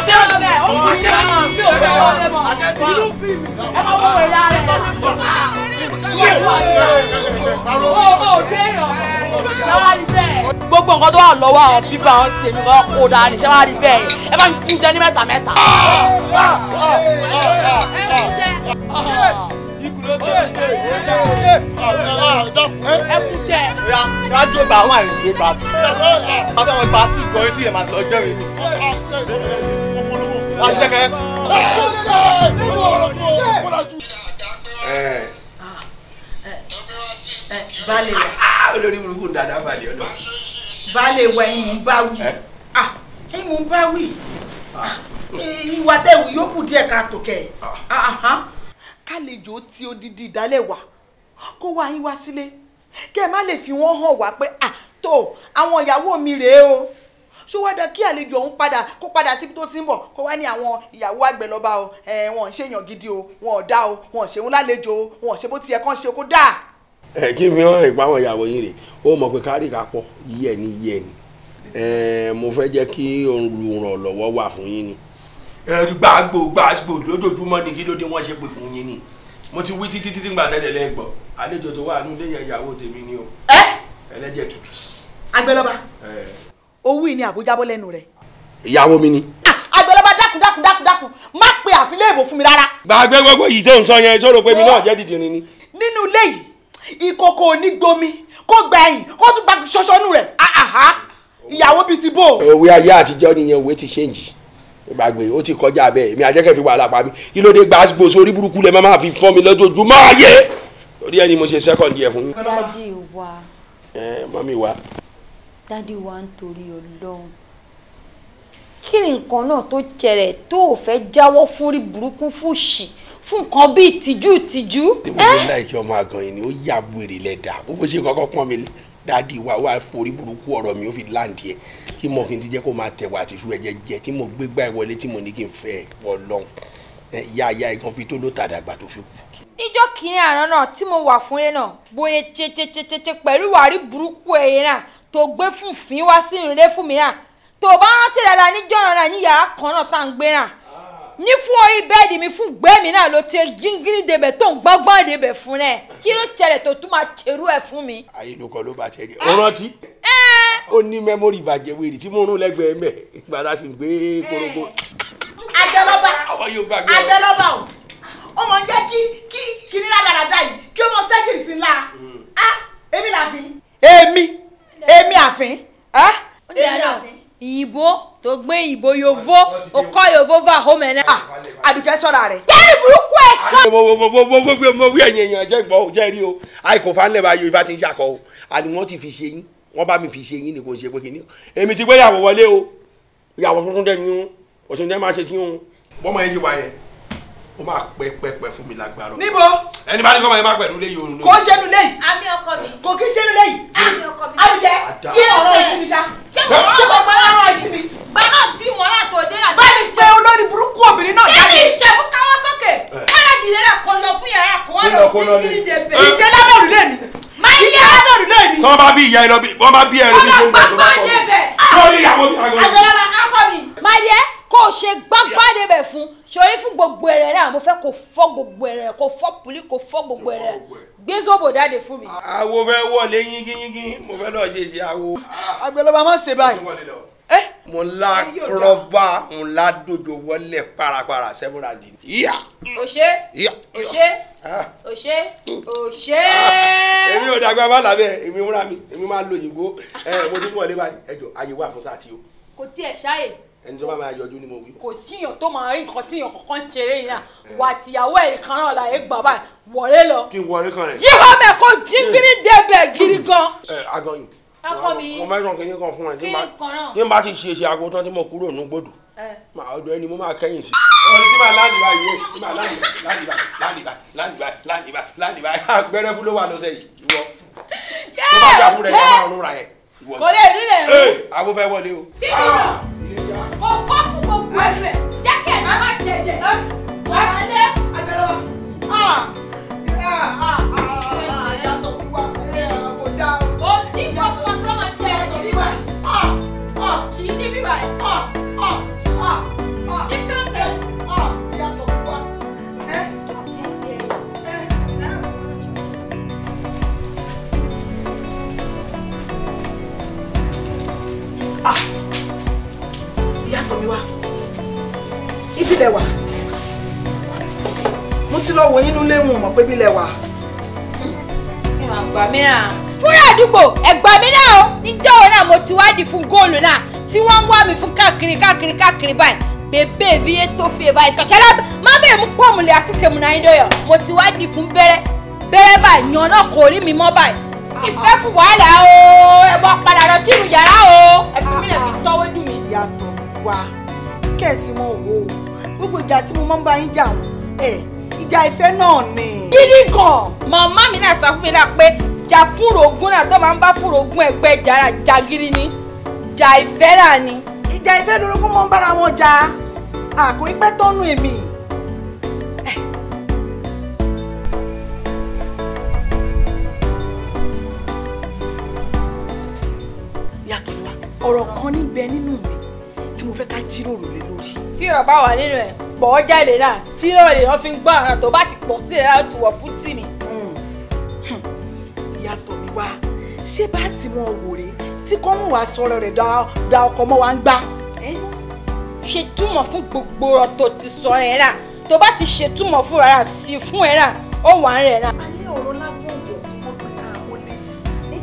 Speaker 5: àṣẹ ọ̀dẹ ó mú àṣẹ mi ò fẹ́ ọ̀dẹ mọ̀ inú bí mi
Speaker 2: ẹ máa wọ ẹ̀yà rẹ̀ gbogbo nǹkan tó wà lọ́wọ́ àwọn bíbá àwọn tiẹ̀ mi kọ́ kó dáa ní ṣé wàá rí bẹ́ẹ̀ ẹ bá mi fún jẹ ní mẹ́ta mẹ́ta. ẹ
Speaker 5: fún jẹ. ikùn ló dé
Speaker 1: ẹfúnjẹ. rájò bá àwọn àìlè bá tì. wọ́n fẹ́ wọn bá tì gan etí yẹn máa sọ ọjọ́ yìí ni. wọ́n ṣiṣẹ́ kẹ́.
Speaker 4: balẹ̀ wa. olórí burúkú ń dáadáa balẹ̀ ọ̀dọ́. balẹ̀ wa ìmú bá wí.
Speaker 2: ìmú bá wí.
Speaker 4: ìwà tẹ̀wì yókù díẹ̀
Speaker 2: ká tó kẹ̀. kálejò tí odidi ìdálẹ̀ wà kó wá yín wá sílé kẹ́ ẹ má lè fi wọ́n hàn wá pé à tó àwọn ìyàwó mi rèé o ṣó wá dá kí àlejò ọ̀hún padà kó padà síbi tó ti ń bọ̀ kó wá ní àwọn ìyàwó àgbẹ̀lọba o wọn ò ṣèyàn gidi o wọn ò dá o wọn ò ṣeun lálejò o wọn ò ṣe bó ti yẹ kán ṣe kó dáa
Speaker 4: ẹ kí mi hàn ìpamọ́ ìyàwó yín rè ó mọ̀ pé kárìkà pọ̀ yíyẹ ni yíyẹ ni mo fẹ́ jẹ́ kí olùrànlọ́wọ́ wà fún yín ni. ẹ̀rù gbàgbó gbàgbó lójoojúmọ́ ni kí ló dé wọ́n ṣe pè fún yín ni mo ti wí títí títí gbà tẹ́lẹ̀ lẹ́gbọ̀n àlejò tó wà nù lẹ́yìn ìyàwó tèmi ni o. ẹ ẹlẹ́jẹ̀ tútù.
Speaker 2: agbẹlọba owó ìní àbújá bọ́ lẹ́nu rẹ̀. ìyàwó mi ni. Ah! agbẹlọba dákun dákun dákun dákun má pe àfilẹ́ èbò fún mi rárá.
Speaker 4: gbàgbé gbogbo yìí tó ń sọ yẹn sọ̀rọ̀ pé mi náà jẹ́ dìdìrín ni.
Speaker 2: nínú ilé yìí ìkòkò ò gbomi kó gba ẹyìn kó tún gba ṣọṣọ rẹ̀ ah, ah, ìyàwó bíi
Speaker 4: ti bò. òwe ayé àtijọ́ nìyẹn òwe ti ṣèǹjì gbàgbé ó ti kọjá bẹ́ẹ̀ èmi àjẹkẹ́ fi wàhálà pa mí kí ló dé gbàgbó sórí burúkú lẹ máa fi fọ́n mi lójoojúmọ́ ayé lórí ẹni mo ṣe second year fún yín.
Speaker 2: dádì wa.
Speaker 4: ẹ mọ́mí wa.
Speaker 2: dádì wa ń torí ọlọ́run kí ni nǹkan náà tó jẹrẹ tó ò fẹ́ jáwọ́ fún rí burúkú fún ṣì fún nǹkan bíi tìjú
Speaker 4: tìjú. tèmi ló ń láìkí ọmọ àgàn yìí ni ó yà wèrè lẹ́dà bó bó ṣe kọ́kọ́ pọ́n mi lé dáàdi wa wà forí burúkú ọ̀rọ̀ mi ó fi láǹdì ẹ̀ tí mo fi ti jẹ́ kó máa tẹ̀wà àti ṣú ẹ̀jẹ̀ jẹ tí mo gbé gbá ìwọlé tí mo ní kí n fẹ́ wọ lọ́hùn ìyá ìyá ìgbọ́n fi tó ló tàdàgbà tó fi kú.
Speaker 2: níjọ́ kìíní àná náà tí mo wà fún yẹn náà bóyá chechecheche pẹ̀lú wàrí burúkú ẹ̀yẹ náà tó gbé fún fín wá sí ìrẹ́fún mi náà tó bá rántí dáadáa níjọ́ náà ní yàrá kan náà tá à ń gbé náà ní fún orí bẹ́ẹ̀dì mi fún gbẹ́mí náà ló ti gíngírí débẹ̀ tó ń gbọ́ngbọ́n débẹ̀ fún ẹ kí ló tẹ̀lẹ̀ tó tún máa ṣerú ẹ̀ fún mi.
Speaker 4: ayélujára ló bá tẹ jẹ o rántí ó ní mẹ́mórì ìbàjẹ́ wèrè tí mo rún lẹ́gbẹ̀ẹ́ mẹ́ ìgbà tá a sì gbé koróko. adẹlọba adẹlọba
Speaker 2: o ó mọ jẹ́ kí kí kiri rádaràda yìí kí ó mọ sẹ́jìrì sí ńlá hmm. ah! èmi làfin. èmi èmi àfin. Ah! èmi àfin ìyìnbó tó gbé ìyìnbó yovo okọ yovo va home ẹnẹ. àdùkẹ́ sọ̀rọ̀ rẹ̀. bẹ́ẹ̀ni
Speaker 4: burúkú ẹ̀ sọ. mo mo mo mo mo mo wí ẹ̀yìn èèyàn jẹ́ ìgbọ́ jẹ́ rí o àìkò fanilẹ̀ bá yo ifá ti ń ṣàkọ o àni wọ́n ti fi ṣe yín wọ́n bá mi fi ṣe yín ni kò ṣe pé kìíní. èmi ti gbé ìyàwó wọlé o ìyàwó tuntun dẹ̀ ni o òṣèlú dẹ̀ máa ṣe tí o. bọ́mọ yẹn ti wá yẹn ó máa pẹ́ pẹ́ pẹ́ fún mi lágbára. níbo. ẹni bá ní kọ́ máa má pẹ̀lú léyìí òun. kò
Speaker 3: ṣẹ́nu léyìí.
Speaker 2: àmì ọkọ mi. kò kí ṣẹ́nu léyìí. àmì ọkọ mi. àbíkẹ́ kí ọ̀rọ̀ ìfúnmi sá ṣé kò wọ́n kò gbọ́ láti mi gba náà tí mo rà tó dé rà. báyìí pé olórí burúkú obìnrin náà jáde. ṣé kì í jẹ fún káwọ́ sókè wọ́n lè dìde rẹ̀ kọ́ lọ fún yàrá kọ́ wọ́n
Speaker 4: lọ sí ní ìdèbè. ìṣe lábọ̀rù lè ní. máa ń yẹ lábọ̀rù lè ní. tọ́ bá bí ìyá ẹlọ́bí wọ́n bá bí ẹ lóbi fún
Speaker 2: ìgbà kó o ṣe gbágbádé bẹ̀ fún ṣorí fún gbogbo ẹ̀rẹ̀ náà mo fẹ́ kó fọ́ gbogbo ẹ̀rẹ̀ kó fọ́ pùlí kó fọ́ gbogbo ẹ̀rẹ̀ gbé sóbò dáde fún
Speaker 4: mi. àwo fẹ́ wọlé yíngíyíngí mo fẹ́ lọ ṣe ṣe àwo. àgbẹ̀lọba má ṣe báyìí. mo la rọba mo la dojo wọlé parapara sẹ́múra di. yíyà.
Speaker 2: òṣè òṣè òṣè òṣè. èmi ò dàgbà bá làbẹ́
Speaker 4: èmi múra mi èmi máa lo òyìnbó mo ti ń wọlé báyìí ẹjọ àyè wà fún sáà tí o.
Speaker 2: kò tiẹ̀ ṣáyè
Speaker 4: ẹni tó bá máa yọjú ni mo wí.
Speaker 2: kò tíyàn tó máa rí nǹkan tíyàn kankan ń ṣeré yẹn wà tìyàwó ẹ̀ kan náà la ẹ̀ gbà báyìí wọlé
Speaker 4: lọ. kí n wọlé kan rẹ. yí ọmọ ẹ
Speaker 2: kó jíngírí
Speaker 4: débẹ̀ gidi gan. ẹ agọyin.
Speaker 2: akọ mi mo máa
Speaker 4: ń sọ kí n kan fún ẹ kí n bá ti ṣe ṣe aago tán tí mo kúrò ní gbòdò máa ọdọ ẹni mo máa kẹ́yìn sí. ọ̀rẹ́ tí màá láǹdì báyìí yé tí màá láǹdì báyìí láǹdì báyìí láǹdì báyìí láǹdì báyìí kò lè rí lè rú. àwo fẹ́ wọlé o. sínú náà
Speaker 2: ah. kò fọ́ọ̀kù kò fún ẹ̀rù ẹ̀ jẹ́kẹ̀ ẹ̀ má jẹ̀jẹ̀ wàhálẹ́. àjọyọ̀ ah. ah ah ah. lẹ wà mo ti lọ wò yín nínú léwu mọ̀ pé bí lẹ wà. ẹgbà mi náà fúnra àdúgbò ẹgbà mi náà o níjọ́ wo náà mo ti wádìí fún góòlù náà tí wọ́n ń wá mi fún káàkiri káàkiri káàkiri báyìí bèbè bí yé tó fi báyìí kàtàlá má bèè mú pọ́ọ̀mù lè àfikè mu náà ìdọ̀yọ̀ mo ti wádìí fún bẹ́rẹ́ bẹ́rẹ́ báyìí yan náà kò rí mi mọ́ báyìí ah, ìfẹ́ ah. kù wàhálà o ẹ bọ́ padà lọ tìrù yàrá o ẹ fi mí lè fi tọ́wé dùn mí. ìyàtọ̀ wa kẹ́ẹ̀sì wọn ò wò ó gbogbo ìjà tí mo máa ń bá yín jà eh, ìjà ìfẹ́ náà ni. gidi kan màmá mi náà sọ mi náà pé jà fúnra náà tó máa ń bá fúnra ẹgbẹ́ jà jagiri ni jà ìfẹ́ náà ni. ìjà ìfẹ́ lorogún máa ń bára wọn jà àkó ìpẹ́ tọ́nu èmi. ọ̀rọ̀ kan níbẹ̀ nínú mi tí mo fẹ́ ká jíròrò lé lórí. tí ìrọ̀ bá wà nínú ẹ̀ pọ̀ ọ́ jáde náà tí ìrọ̀ lè wọ́n fi gbọ́ àrà tó bá ti pọ̀ sí ìrọ̀ láti wọ̀ fún tì mí. Hmm. Hmm. ìyá wá ṣé bá ti mọ òwòrè tí kò ń wá sọ̀rọ̀ rẹ̀ da ọkọ̀ mọ́ wa ń gbá. ṣe túmọ̀ fún gbogbo ọ̀rọ̀ tó ti sọ ẹ̀ náà tó bá ti ṣe túmọ̀ fún rárá sí fún ẹ̀ náà ó wà ń rẹ̀ náà. a ní ọ̀rọ̀ lábọ̀ ọ̀dọ̀ tí wọ́n gbé náà wọlé yìí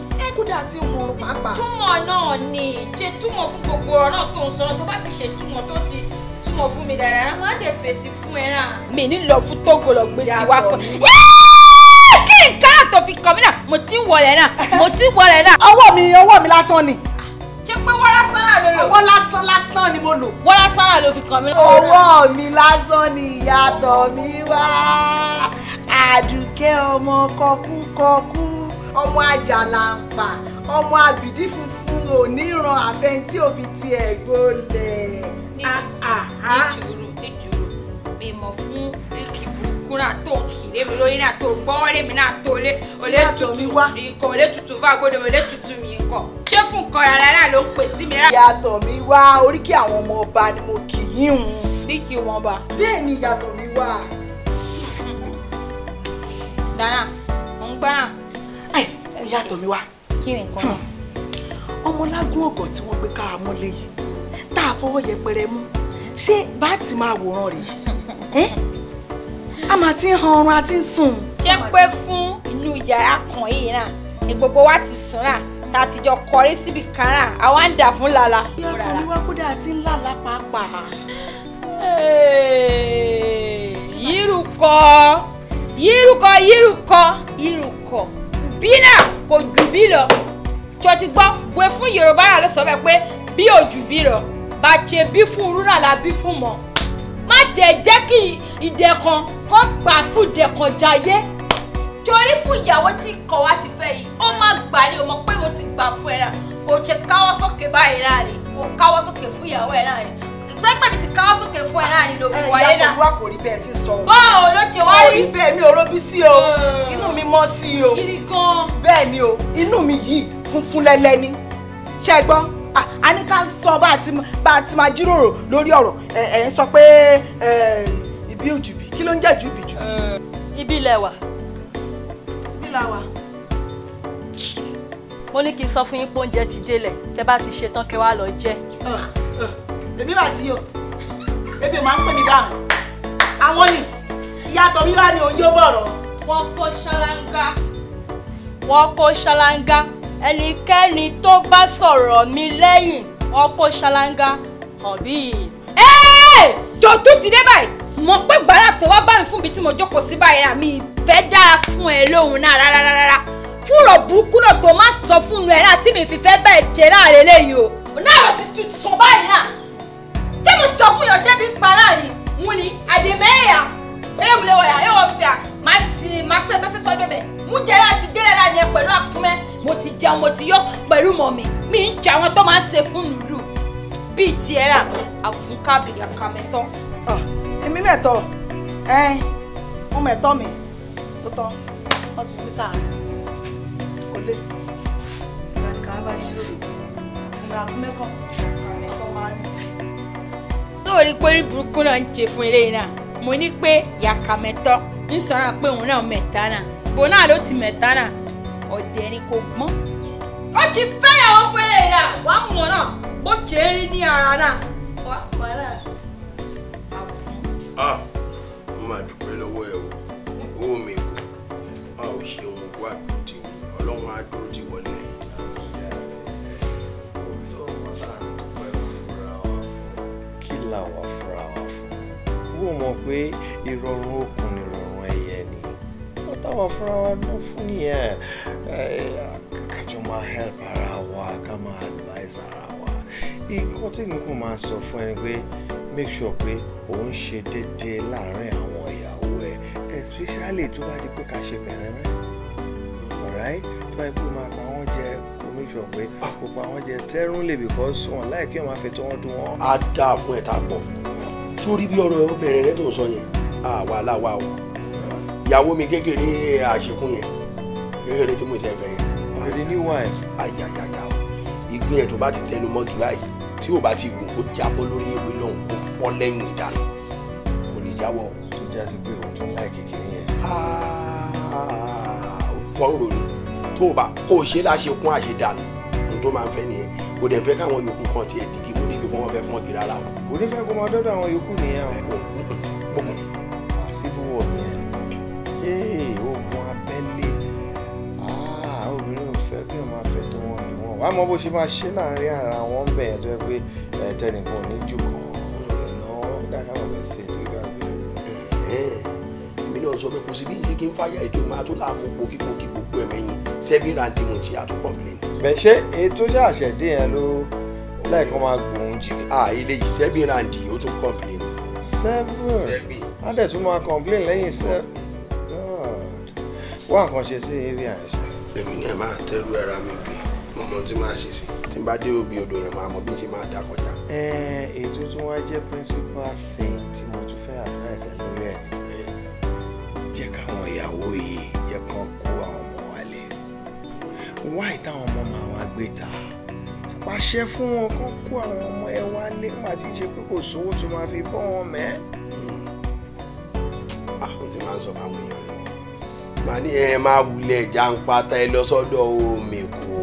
Speaker 2: a kódà tí mo rún pàápàá. túmọ̀ náà ni ṣe túmọ̀ fún gbogbo ọ̀rọ̀ náà tó ń sọ tó bá ti ṣe túmọ̀ tó ti túmọ̀ fún mi dáadáa má dé fèsì fún ẹ náà. mi ní lọ fún tógo lọ gbé sí wa fún kí nǹkan àtọ̀ fi kàn mí náà mo ti wọlé náà mo ti wọlé náà. ọwọ́ mi ọwọ́ mi lásán ni ṣe pé wọ́n lásán náà ló lò. ọwọ́ lásán lásán ni mo lò. wọ́n lásán náà ló fi kàn mí. ọwọ́ mi lásán ni ìyàtọ̀ mi wá àdùkẹ́ ọmọ kọkúkọkú ọmọ àjàlàǹfà ọmọ àbìdí funfun ò ní ran àfẹntí òbí ti ẹ̀ gbolẹ̀. ní jùrù ah, ah, ní ah. jùrù mi mọ̀ fún ìkí burúkú náà tó kìlé mi lórí náà tó gbọ́n rèmi náà tó lé olé tutù nǹkan olé tutù fún agbódò olé tutù mi nǹkan ṣé fún nǹkan rárá náà ló ń pè sí mi rárá. ìyàtọ̀ mi wá oríkì àwọn ọmọ ọba ni mo kì í hùn. bí kì í wọn bá. bẹ́ẹ̀ ni ìyàtọ̀ mi wá. dáná mo ń gbá mú yàtọ̀ mi wá. kí ni nǹkan náà. Hmm. ọmọlágún ọ̀gọ̀ tí wọ́n gbé kára mú léyìí tá a fọwọ́ yẹpẹrẹ mú ṣé bá ti máa wòran rèé a máa ti ń han ọrùn a ti ń sùn. jẹ́ pé fún inú yàrá kan yìí náà ni gbogbo wa ti sùn náà tá a ti jọ kọrí síbi kan náà àwa ń dà fún lala. yàtọ̀ mi wá kódà ti ń lala pàápàá. yírùkọ yírùkọ yírùkọ yírùkọ bí náà kò jù bí lọ tó ti gbọ́ wẹ fún yorùbá rà ló sọ bẹ́ẹ̀ pé bí ò jù bí lọ bá ṣe bí fún rúnà la bí fún mọ́ má jẹ́ jẹ́ kí ìdẹ̀kan kan gbà fún ìdẹ̀kan jayé torí fún ìyàwó tí kọ̀ wá ti fẹ́ yìí ó má gbà ní o mọ̀ pé mo ti gbà fún ẹ̀ náà kò ṣe káwọ́ sókè báyìí náà ni kò káwọ́ sókè fún ìyàwó ẹ̀ náà ni tẹ́pẹ́ mi ti ká sókè fún ẹ náà nílò fún wáyé náà. ẹ̀yà olúwa kò rí bẹ́ẹ̀ tí ń sọ. bọ́ọ̀ ló ti wá rí. orí bẹ́ẹ̀ mi ò róbí sí o hmm. inú mi mọ́ sí o. yìí gan. bẹ́ẹ̀ ni o inú mi yìí funfun lẹ́lẹ́ ni ṣé gbọ́ a ní ká sọ bá a ti máa jíròrò lórí ọ̀rọ̀ ẹ̀ ń sọ pé ìbí òjùbí kí ló ń jẹ́ jùbí jùbí. Hmm. ibi ilẹ̀ wà. ibi ilẹ̀ wà. mo ní kí n sọ fún yín pé oúnjẹ ti délẹ̀ tẹ́ bá ti ṣetán kẹ́ wá lọ jẹ èmi bá ti yọ ebi máa ń pè mí dáhùn àwọn ni ìyàtọ̀ mi bá ní oyé bọ̀rọ̀. wọ́n kó ṣáláńgá wọ́n kó ṣáláńgá ẹnikẹ́ni tó bá sọ̀rọ̀ mi lẹ́yìn wọ́n kó ṣáláńgá ọ̀bí. ẹ́ẹ̀ jọ tó ti dé báyìí mo pé gbàrà tó wá bá mi fún ibi tí mo jókòó sí báyìí àmì ìfẹ́ dára fún ẹ lóhùn náà rárá rárá fún ọ̀rọ̀ burúkú náà tó má sọ fún un ẹ̀ láti mi fi fẹ́ bẹ́ẹ̀ jẹ́ láàrẹ̀ lẹ́yìn o náà ti tutù sọ báyìí náà ṣé mo jọ fún yàn débi para yìí mo ní àdèmẹ́yà ẹ̀yẹ́ mo lè wọ̀yà ẹ̀yẹ́ wọ́n fi à máa ti máa fẹ́ bẹ́sẹ̀ sọ́dọ̀ bẹ̀ mo jẹ́ yóò ti délé ra yẹn pẹ̀lú àkúnmẹ́ mo ti jẹun mo ti yọ pẹ̀lú mọ̀mí mi ń jẹ àwọn tó máa ń ṣe fún nùlù bíi tiẹ̀ rà àfúnkábì àkàmẹ́tọ́. Ah, èmi mẹ́tọ̀ ẹ mo mẹ́tọ́ mi tó tán
Speaker 5: wọ́n ti fi mí sáà kò lè ìgbà ni kàá bá jíròrò
Speaker 2: àkúnmẹ́kọ̀ àkúnmẹ́kọ̀ máa ń sóòrí pé orí burúkú náà ń ṣe fún eléyìí náà mo ní pé yàkà mẹ́tọ́ ń sọ̀rọ̀ pé òun náà mẹ́ta náà òun náà ló ti mẹ́ta náà ọ̀dẹ̀ ni kò gbọ́n. ó ti fẹ́yàwó fún eléyìí náà wàá mọ̀ náà bó ṣe é rí ní ara náà wàá mọ̀ náà.
Speaker 4: a máa dúpẹ́ lọ́wọ́ ẹ̀ o ó mi kú a ò ṣe ohun gbọ́ àgùntì ọlọ́run á dúró làwa fúnra wa fún wọ́n mọ̀ pé ìrọ̀rùn okùn ni ìrọ̀rùn ẹyẹ ni wọ́n
Speaker 5: táwa fúnra wa náà fún nìyẹn
Speaker 4: kájọ máa help ara wa ká máa advise ara wa nǹkan tí mo kàn máa sọ fún ẹni pé make sure pé òun ṣe déédéé láàárín àwọn ìyàwó ẹ especially tó bá di pé ká ṣe bẹ̀rẹ̀ rẹ̀ ọ̀ráì tó bá di pé máa pa wọ́n jẹ make sure pé gbogbo àwọn jẹ tẹ́rùn lè because wọn láì kí wọn máa fi tí wọn dún wọn. a dáa fún ẹ tá a pọ̀ sórí bí ọ̀rọ̀ obìnrin rẹ tó ń sọ yẹn àwa aláwa o ìyàwó mi kékeré àṣekún yẹn kékeré tí mo ṣe fẹ́ yẹn. ọ̀rẹ́ ní wife. ayayaya o ìgbín ẹ̀ tó bá ti tẹnu mọ́ kí báyìí tí ò bá ti gùn kó jábọ́ lórí ewé lọ́hùn kó fọ́ lẹ́yìn ìdáná kò ní jáwọ́. tó jásí pé òun tún láì kékeré yẹn. Ah, ó kàn ń ròyìn tó o bá kó o ṣe láṣekún àṣedànù ohun tó máa ń fẹ́ nìyẹn kò dẹ̀ fẹ́ káwọn yòókù kan tiẹ̀ dìgì kó dìgì kó wọ́n fẹ́ pọ́n kiri ara o. kò ní fẹ́ kó máa dọ́dọ̀ àwọn yòókù nìyẹn o. ogun civil war nìyẹn ogun abẹ́lé obìnrin ò fẹ́ kí wọ́n máa fẹ́ tó wọn lù wọ́n wàá mọ bó ṣe máa ṣe láàrin ara wọn bẹ́ẹ̀ tó yẹ pé tẹnìkan ò ní jù kàn án náà sọ pé kò sí bí ìṣe kí n fàyà ètò máa tó láàmú pokípokí gbogbo ẹ̀mẹ́yìn seven rand mo jì àtún complain. bẹ́ẹ̀ ṣé èyí tó ṣàṣẹ dé yẹn ló lẹ́ẹ̀kan máa gbòòrùn jì. à ilé yìí seven rand ó tún complain. seven á dẹ̀ tún máa complain lẹ́yìn seven god wọ́n àkànṣe sí eré àṣà. èmi ni ẹ máa tẹ́lu ẹ̀ra mi gbé mọ̀mọ́ tí máa ṣe sí tí n bá dé òbí odò yẹn máa mọ bí n ṣe máa dá kọjá. ẹ ètò tí wọn jẹ principal thing tí mo tún fẹ́ advice ẹ wáì táwọn ọmọ máa wá gbé ta pàṣẹ fún wọn kán kó àwọn ọmọ ẹ wá lé màdíje pé kò sówó tó máa fi bọ́ wọn mẹ́. àwọn ah, tí máa ń sọ fáwọn èèyàn rẹ màá ní ẹ máa wulẹ̀ jàǹpátá ẹ lọ sọ́dọ̀ omi kò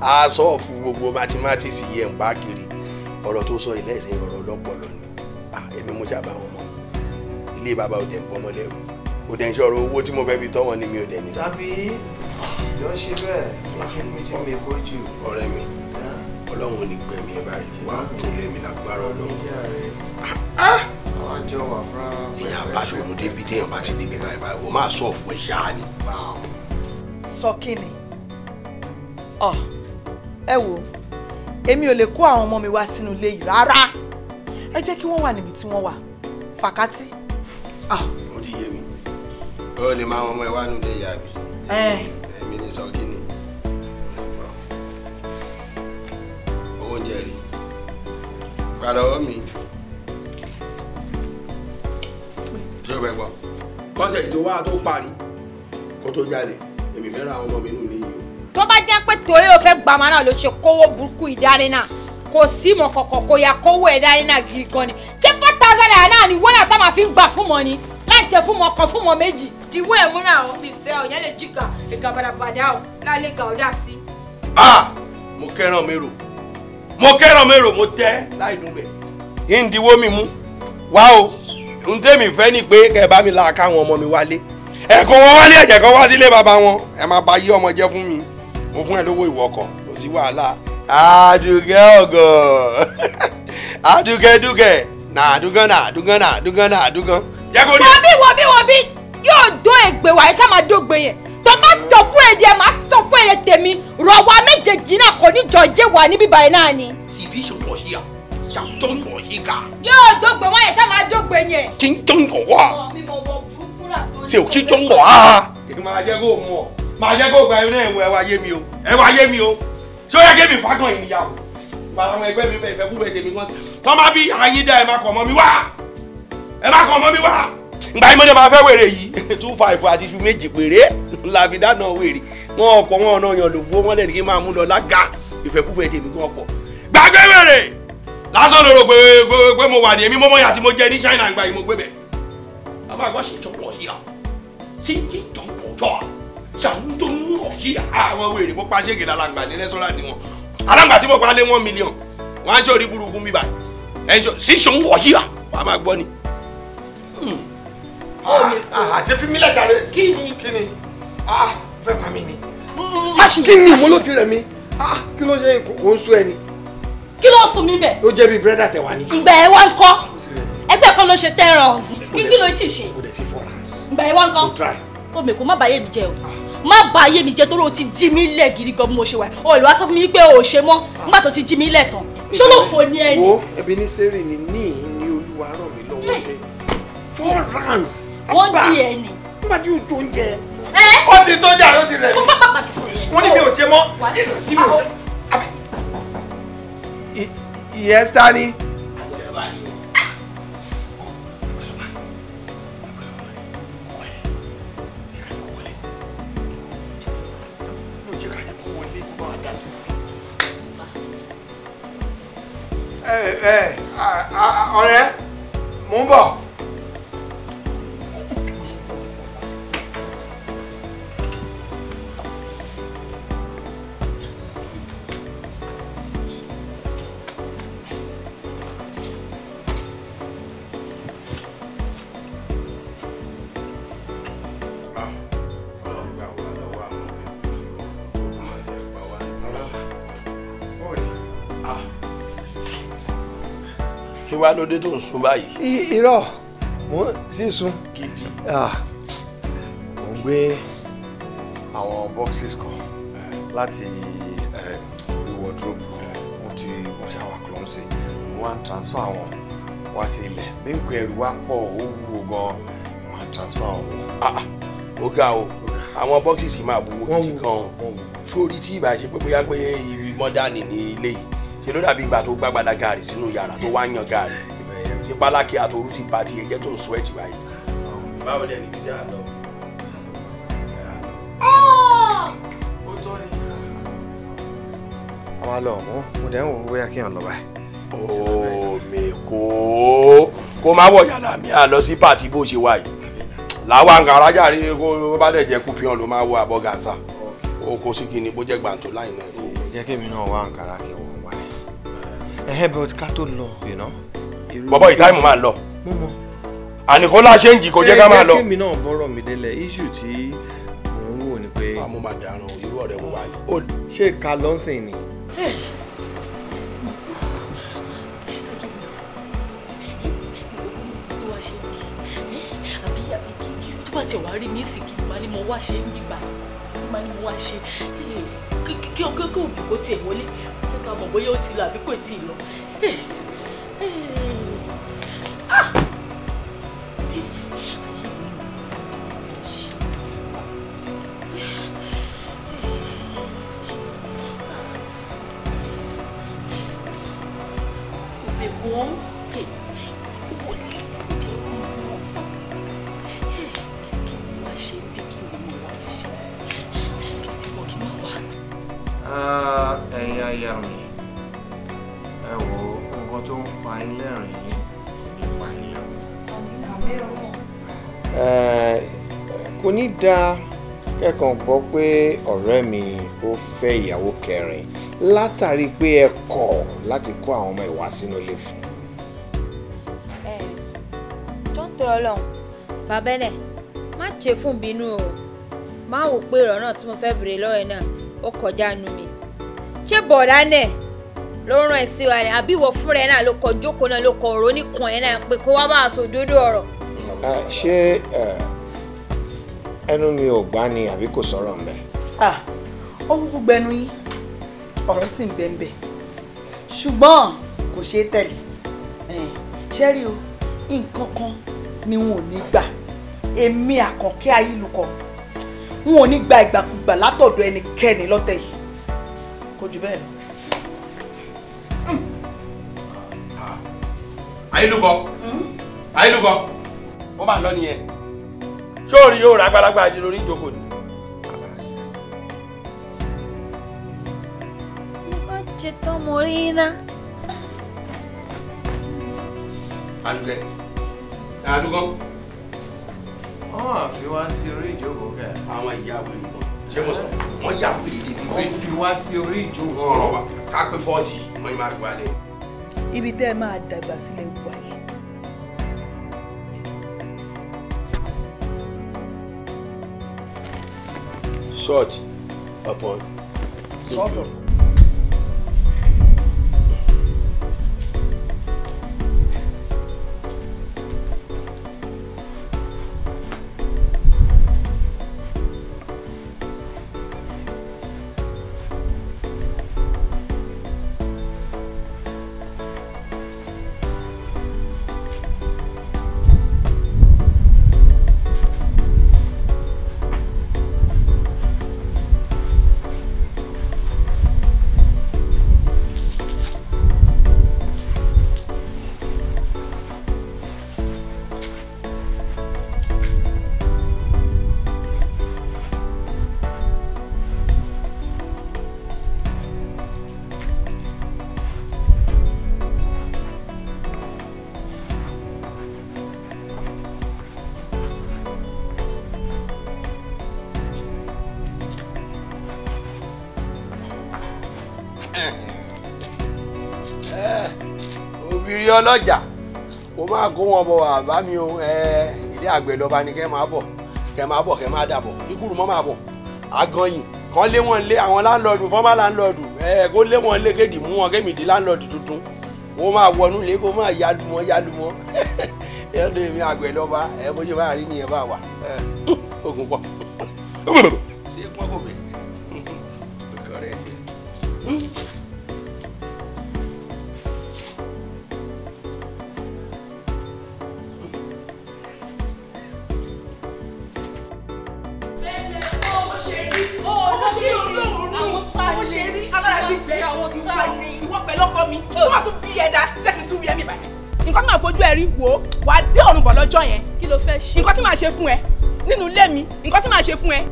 Speaker 4: á sọ fún gbogbo mathematics yẹn ń pa kiri ọ̀rọ̀ tó sọ ilé ìsìn ọ̀rọ̀ ọlọ́pọ̀lọ́ ni ah, èmi mo ṣàbà wọn mọ́ ilé bàbá òde ń bọ́ mọ́lẹ́rù òde ń ṣọ̀rọ̀ owó tí mo fẹ́ fi tọ́ wọn ni mi ò dẹ̀ ní. tàbí jọ ṣe bẹ́ẹ̀ etí mi ti mi kó jù. ọ̀rẹ́ mi ọlọ́run ní gbẹ̀mí ẹ báyìí wà á tún
Speaker 5: lágbára ọlọ́run. Ah! Ah! àwọn àjọ
Speaker 4: wà fúnra. èèyàn bá ṣòro débi téèyàn bá ti débi báyìí báyìí wọ́n máa sọ fún ẹ ṣáá ni. sọ kí ni ah, ẹ wo
Speaker 2: èmi ò lè kó àwọn ọmọ mi wá sínú ilé yìí rárá ẹ jẹ́ kí wọ́n wà níbi tí wọ́n wà
Speaker 4: fàkátì. ó ti yé mi ó lè máa wọn ọmọ ẹ wá nílé yàrá. Saudi ni owó oúnjẹ rí padà ọwọ́ mi ṣé o fẹ́ gbọ́ kọ́sẹ̀ tó wá tó parí kó tó jáde èmi fẹ́ràn àwọn ọmọ mi nù níyì o.
Speaker 2: tó bá jẹ́ pé torí o fẹ́ gbàmọ́ náà ló ṣe kówó burúkú ìdarí náà kò sí mọ̀ kọ̀kọ̀ kò yà kówó ẹ̀darí náà gírí gan ni ṣé four thousand naira náà ni wọ́n náà tó máa fi gbà fún mọ́ ni láì jẹ fún mọ ọkọ fún mọ méjì ìwé ẹ̀ múra àwọn mi fẹ́ ọ̀yẹ́ lè jìkà ìgàbàdàbàdà ọ̀ láìlé ga ọ̀dà sí. a
Speaker 4: mo kẹ́ràn mi rò mo kẹ́ràn mi rò mo tẹ́ láì dùn bẹ̀. kí n diwó mi mú wá o n tẹ́mi fẹ́ ni pé kẹ́ ẹ bá mi la káwọn ọmọ mi wálé ẹ̀kọ́ wọn wálé ẹ̀jẹ̀ kan wá sílé bàbá wọn ẹ máa ba yí ọmọ jẹ́ fún mi mo fún ẹ lówó ìwọ ọkọ̀ kò sí wàhálà àdùkẹ́ ọ̀gọ̀ àdùkẹ́ dùkẹ́ nà àdùkẹ́ nà àdùkẹ́ nà àdùkẹ́ nà àdùkẹ́
Speaker 2: jẹ́kọ̀ọ́ ni. wọ́bí wọ́bí
Speaker 4: wọ́bí yóò dó ègbè wà yẹn tá máa dó gbé yẹn
Speaker 2: tó bá tọ̀ fún èdè ẹ̀ máa sọ fún èdè tèmi rọ̀wá méjèèjì náà kò ní jọ̀jẹ̀ wà níbí báyìí náà ni.
Speaker 4: sì fi ṣe wọ̀ yíyà
Speaker 2: ṣàtún wọ̀ yíga. yóò dógbè wọ́n yẹn tá máa dógbè yẹn.
Speaker 4: kí n tó ń wọ̀ wá. ṣe ò kí n tó ń wọ̀ á. màá jẹ́ kó o mọ̀ màá jẹ́ kó o gba ẹ̀ mi o ẹ̀ wá yé mi o ṣé ó yẹ kí mi fagàn ìníyàwó. bàtà àwọn ẹgbẹ́ mi fẹ́ ìfẹ́ fún ẹ má kàn mọ́ mi wá. ìgbà yìí mo ní ma fẹ́ wèrè yìí two five àti iṣu méjì péré la fi dáná wèrè wọn ọkọ wọn ọ̀nà yàn lòbó wọn lẹ́nu kí n máa mú lọ lága ìfẹ́kúfẹ́ tèmi gan ọkọ. gbàgbé wèrè
Speaker 1: lásán lòrò pé
Speaker 4: pé mo wà ní èmi mọ́mọ́ yà tí mo jẹ ní China ìgbà yìí mo gbé bẹ̀. àbá àgbà ṣe jọ̀pọ̀ yíyà sí ìjọ̀pọ̀ jọ̀ ṣàwùjọ mú ọ̀ yíyà àwọn wèrè mo pa ṣéèkì lálàǹgbà ní rẹ́sọ́rántì wọn alàǹgbà tí mo pa lé one million wọn á ṣe orí burúkú mi báyìí ẹ ṣe ṣe ń wọ̀ yíyà wàá máa gbọ́ ni àti hmm. ah, ah, ah, fi mí lẹ́tàrẹ́ kí ni kí ni fẹ́ máa mi ni hmm, hmm, kí ni mo ló ti rẹ̀ mí kí ló ṣe kò ń sún ẹni.
Speaker 2: kí ló sùn mí bẹ̀. ó jẹ́ bí bírẹ́dà tẹ̀ wá ní. ìgbà ẹ̀ wá ń kọ́ ẹgbẹ́ kan ló ṣe tẹ́ràn ọ̀hún kí kí ló ti ṣe. o dẹ̀ ti fọ́ra. ìgbà ẹ̀ wá ń kọ́ o mèkó má bàyẹ̀ mi jẹ́ o má bàyẹ̀ mi jẹ́ torí o ti jí mi lẹ̀ gidi gan mo ṣe o lè wá sọ fún mi pé o ò ṣe mọ́ nígbà tó ti jí mi lẹ̀ tán ṣó ló
Speaker 4: four rounds.
Speaker 2: wọ́n di ẹ̀ ni. nígbà tí o tó ń jẹ.
Speaker 4: ó ti tó jà ló ti rẹ̀ mí. wọ́n ní mi ò jẹ mọ́. ní mi ò ìyẹn Stanley.
Speaker 5: ọ̀rẹ́ mò ń bọ̀.
Speaker 4: wá lóde tó ń sun báyìí. irọ́ mò ń sísun. gidi. mò ń gbé àwọn boxes kan eh, láti eh, wardrobe mo ti mo ṣe àwọn àkùlọ̀ ń ṣe mo wá ń transfer àwọn wá sí ilẹ̀ bí nǹkan ẹ̀rù wá pọ̀ ó wúwo gan mo wá ń transfer àwọn. Ah, ah, ó ga o àwọn boxes máa wúwo gidi gan-an sórí tí ìbá ṣe pé bóyá pé ibi mọ́dánì ní ilé yìí ṣe ló dàbí ìgbà tó gbàgbàdà gààrí sínú yàrá tó wá yan gààrí ti pálákì àtòrú ti ba ti ẹ̀jẹ̀ tó ń sọ ẹ̀ báyìí. báwo dẹ̀ níbi tí ah! a
Speaker 5: lọ.
Speaker 3: àwọn alọ ọhún
Speaker 4: mo dẹ̀ ń wò bóyá kí n lọ báyìí. omi kò kó má wọ̀ yàrá mi à lọ sí pàtí bó ṣe wà yìí làwọn àǹkà arájà rí kó bá dẹ̀ jẹ́ kú fi ló máa wọ àbọ̀ gàǹsà o kò sí kí ni bó jẹ́ gbàǹtó láì náà. jẹ́ kí èmi náà wá àǹkàrà kí wọ́n ẹ̀hẹ́ but ká tó lọ you know. bọ́bọ́ ìtàìmù máa lọ
Speaker 5: àníkó láṣẹ ń jì kó jẹ́ ká máa lọ. kémi
Speaker 4: náà bọ́rọ̀ mi délẹ̀ iṣu tí mò ń wò ni pé. àmọ́ ah, máa dàrán irú ọ̀rẹ́ wo wà o ṣe ká lọ́sìn ni.
Speaker 2: tó bá ti wá rí mi sì kí n máa mo wá ṣe ń gbígbà kí n mo wá ṣe eh, kí kí kí òbí kó tiẹ̀ wọlé ká mọ̀ bóyá ó ti lọ àbí kò tí ì lọ. Home. Ah!
Speaker 4: dá kẹ́kàn gbọ́ pé ọ̀rẹ́ mi ó fẹ́ ìyàwó kẹrin látàrí pé ẹ kọ̀ láti kó àwọn ọmọ ìwá sínú ilé fún.
Speaker 2: ẹ jọ́ ń tọrọ lọ́hùn bàbá má ṣe fún bínú o má wò pé ọ̀rọ̀ náà tí mo fẹ́ bèrè lọ́wọ́ ẹ̀ náà ó kọjá nu mi ṣé bọ̀dá nẹ̀ ló rán ẹ sí wa ni àbí ìwọ fúnra ẹ náà ló kọ jókòó náà ló kọ ọ̀rọ̀ oníkan náà pé kó wá bá a sọ òdodo ọ̀rọ̀.
Speaker 4: ṣé ẹnu mi ò gbá ni àbí kò sọ̀rọ̀ ńbẹ.
Speaker 2: ó kúkú gbẹnu yín ọ̀rọ̀ sì ń bẹ́ńbẹ́ ṣùgbọ́n kò ṣeé tẹ̀lé ṣẹ́rí o nǹkan kan ni wọn ò ní gbà èmi àkànkẹ́ ayélukọ wọn ò ní gba ìgbàkúgbà látọ̀dọ̀ ẹnikẹ́ni lọ́tẹ̀ yìí kò jù bẹ́ẹ̀ lọ.
Speaker 4: ayélukọ hmm? ayélukọ ó máa lọ nìyẹn sóòrì yóò rà àgbàlagbà yìí lórí ìjókòó ni.
Speaker 2: mo bá jẹ tán mo rí iná.
Speaker 4: alùpẹ̀ àdúgbọ́n. wọ́n á fi wá sí orí ìjókòó kẹ́. àwọn ìyá àwọn ènìyàn ṣé mo sọ wọ́n yà wíìlì dèbí pé. wọ́n fi wá sí orí ìjókòó. ọ̀rọ̀ wa ká pé fọ́ọ̀tì wọ́n yìí máa fi wá lẹ̀.
Speaker 2: ibi tẹ́ ẹ máa dàgbà sílẹ̀ wù.
Speaker 4: Solte a ponta. Solta. Eh, eh. Eh, obìnrin ọlọ́jà mo máa kó wọn bọ̀ àbá mi o ilé àgbẹ̀ lọ́ba ni kẹ́ máa bọ̀ kẹ́ máa bọ̀ kẹ́ máa dàbọ̀ kíkúrú mọ́ máa bọ̀ àgànyìn kàn lé wọn lé àwọn láńlọ́ọ̀dù fọ́nmá láńlọ́ọ̀dù kó lé wọn lé kéde mú wọn kémìdí láńlọ́ọ̀dù tuntun mo máa wọnú lé kó máa yalu wọn yalu wọn ẹ lóye mi àgbẹ̀ lọ́ba ẹ bójú máa rí nìyẹn bá wà ogun pọ̀.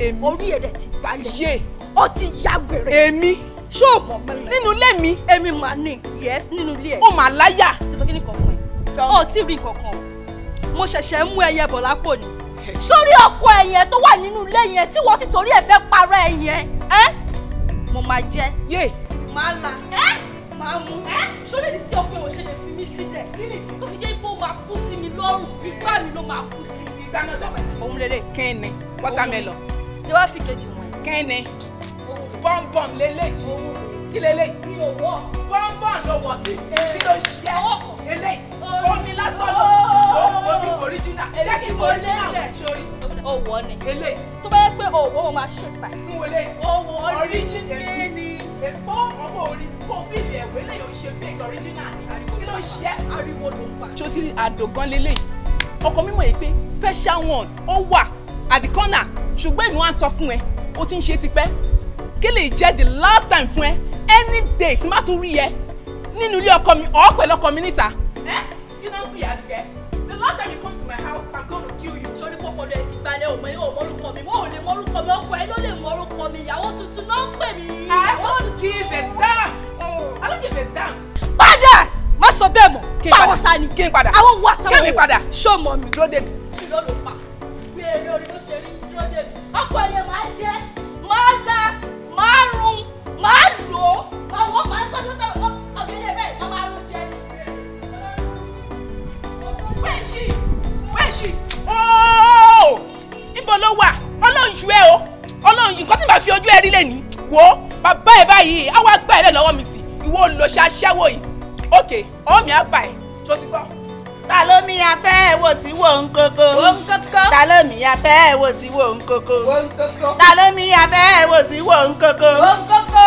Speaker 2: èmi orí rẹ̀ ti gbalẹ̀ ó ti ya gbèrè èmi ṣóòmù nínú ilé mi èmi mà ní yes nínú ilé ẹ̀ ó mà láyà ti sọ fún ẹ ó ti rí kankan mo ṣẹ̀ṣẹ̀ mú ẹyẹ bọ̀ lápò ni sórí ọkọ ẹ̀yẹn tó wà nínú ilé yẹn tí wọ́n ti torí ẹ̀ fẹ́ para ẹ̀yẹn ẹ́ mo máa jẹ́ yé máa la ẹ́ máa mú ẹ́ sórí ẹni tí ọkọ ẹ̀ lè fi mí sílẹ̀ tó fi jẹ́ ipò máa kú sí mi lọ́rùn ìgbà mi ló máa kú sí mi ìgbà náà dọ̀bẹ̀ tí. òun lè lè kí ni yóò wá fi kejì wọn. kẹ́ni bọ́ǹbọ̀ǹ lélẹ́yìí kí lélẹ́yìí bọ́ǹbọ̀ǹ ló wọ̀ sí kí ló ṣe é eléyìí omi lásán ló omi oríjìnà jẹ́ kí mo rí náà sórí. owó ni eléyìí tó bá yẹ pé owó mo máa ṣe pa. tún wọlé owó oríjìnà ni èpo ọkọ̀ orí kò fi ilẹ̀ ìwé lè yóò ṣe fake original ni kí ló ṣe é ariwo ló ń pa. sotiri àdògán lélẹ́yìí ọkọ mímọ̀ yìí pé special one ó wà at the corner ṣùgbọ́n èmi wá ń sọ fún ẹ o ti ń ṣe tipẹ́ kí lè jẹ́ the last time fún ẹ any day tí má tún rí ẹ nínú ilé ọkọ mi ọ̀ pẹ̀lú ọkọ mi níta. ẹ kí ló ń pè àdùkẹ́ the last time you come to my house i'm gonna kill you. sori kókó lè ti gbalẹ̀ ọmọ yìí ò mọ́rúkọ mi wọ́n ò lè mọ́rúkọ mi ọkọ ẹ ló lè mọ́rúkọ mi ìyàwó tuntun ló ń pè mí. i don't give a damn oh. i don't give a damn. padà má sọ bẹ́ẹ̀ mọ́ báwo ta ni àwọn wàtàwọn ṣọmọ mi. kí n padà. ṣọmọ mi. lóde mi. kí ló ló pa ọkọ yẹn máa jẹ máa la máa run máa lò máa wọ́n máa sọ́dún tọ̀rọ̀ mọ́ ọ̀gẹ̀dẹ̀
Speaker 5: bẹ́ẹ̀ lọ́ máa run jẹ ní.
Speaker 2: where she she ooo níbo ló wà ọlọ́run ju ẹ o ọlọ́run yìí nǹkan tí màá fi ojú ẹ rí lè ní wo bàbá ẹ báyìí á wá gbà ẹ lẹ́ lọ́wọ́ mi sí ìwọ olùlọ́ṣà aṣẹ́wó yìí òkè ọ̀ọ́ mi á gbà ẹ tó ti gbọ́ ta ló mi ya fẹ́ wò sí wò ń kókó ta ló mi ya fẹ́ wò sí wò ń kókó ta ló mi ya
Speaker 5: fẹ́ wò sí wò ń kókó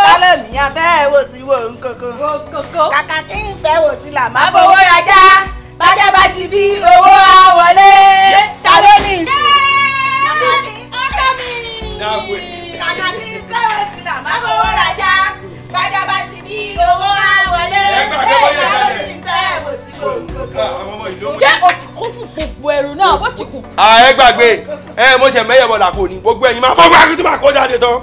Speaker 5: ta ló mi ya fẹ́ wò sí wò ń kókó
Speaker 2: kàkà kí n fẹ́ wò sí là má fowó rajá bájá bá ti bí owó á wọlé ta ló mi. kàkà kí n fẹ́ wò sí là má fowó rajá bájá bá ti bí owó á wọlé ta ló mi fẹ́ wò
Speaker 4: sí jẹ́
Speaker 2: òtìkún fún gbogbo ẹrù náà bó ti kù.
Speaker 4: ààrẹ gbàgbé ẹ mo ṣe mẹ́yẹ̀ bọ̀dà kò ní gbogbo ẹ̀yin máa fọ́gbọ́n àti tí kó jáde tán.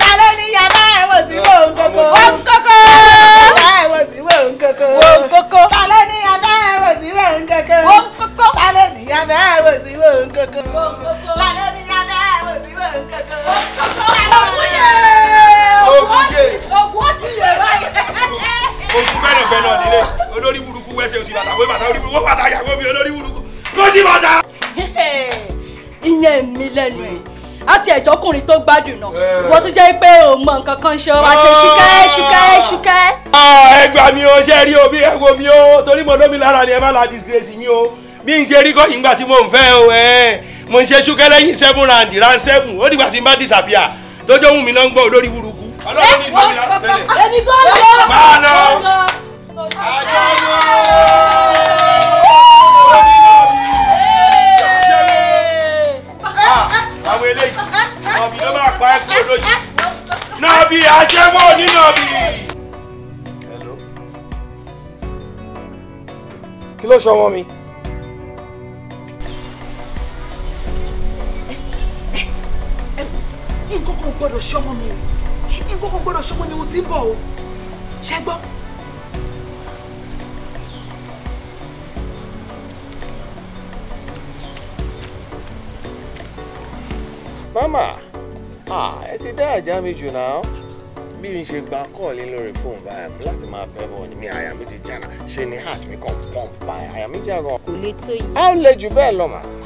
Speaker 2: ta ló ní yàrá ẹ̀wọ̀n sí wò ń kókó. wò ń kókó. yàrá ẹ̀wọ̀n sí wò ń kókó. wò ń kókó. ta ló ní yàrá ẹ̀wọ̀n sí wò kókó. wò kókó. ta ló ní yàrá ẹ̀wọ̀n sí wò kókó. wò kókó. ta ló ní yàrá ẹ̀wọ̀n sí wò kókó. wò kókó. ta ló ní yàrá ẹ̀wọ̀n sí wò kókó
Speaker 4: ojú bẹ́ẹ̀ fẹ́ náà nílé olórí burúkú wẹ́sẹ̀ òsì bàtà wé bàtà olórí bàtà yàgò mi olórí burúkú kó sì bàtà.
Speaker 2: ìyẹn mi lẹ́nu
Speaker 4: ẹ̀ àti ẹ̀jọ́kùnrin tó gbádùn náà eh. wọ́n tún jẹ́ pé ò mọ nǹkan
Speaker 2: kan ṣe wá ṣe ṣúkẹ́ ah. ṣúkẹ́
Speaker 4: ṣúkẹ́. Ah, ẹ gbà mí o ṣe rí o ẹ wo mi o torí mo lómi lára ni ẹ má la disgrace mi o bí n ṣe rí kọ́yìn gbà tí mo ń fẹ́ o ẹ mo ń ṣe ṣúkẹ́ lẹ́yìn seven round round seven ó dìgbà tí n bá disappear tójó wù mí náà ń gbọ́ olórí burúkú
Speaker 5: ọlọ́run ní ìfọ́nmi láti tẹ́lẹ̀. èmi kò lọ. máa lọ. aṣọ lọ. àwọn eléyìí
Speaker 4: kí ló ṣe ọmọ mi.
Speaker 3: nǹkan
Speaker 2: kan gbọ́dọ̀ ṣe ọmọ mi o nǹkan kan gbọ́dọ̀ ṣe mo ni mo ti ń bọ̀ o ṣe gbọ́.
Speaker 3: mama
Speaker 4: ẹ ti dá ẹja mi jù náà bí mi ṣe gba kọ́ọ̀lì lórí fóònù báyà láti máa bẹ́ bọ̀ ni mi àyà mi ti jànà ṣe ni heart mi kàn pump báyà àyà mi jà gan. kò lè tó yìí. a ń le jù bẹ́ẹ̀ lọ màá.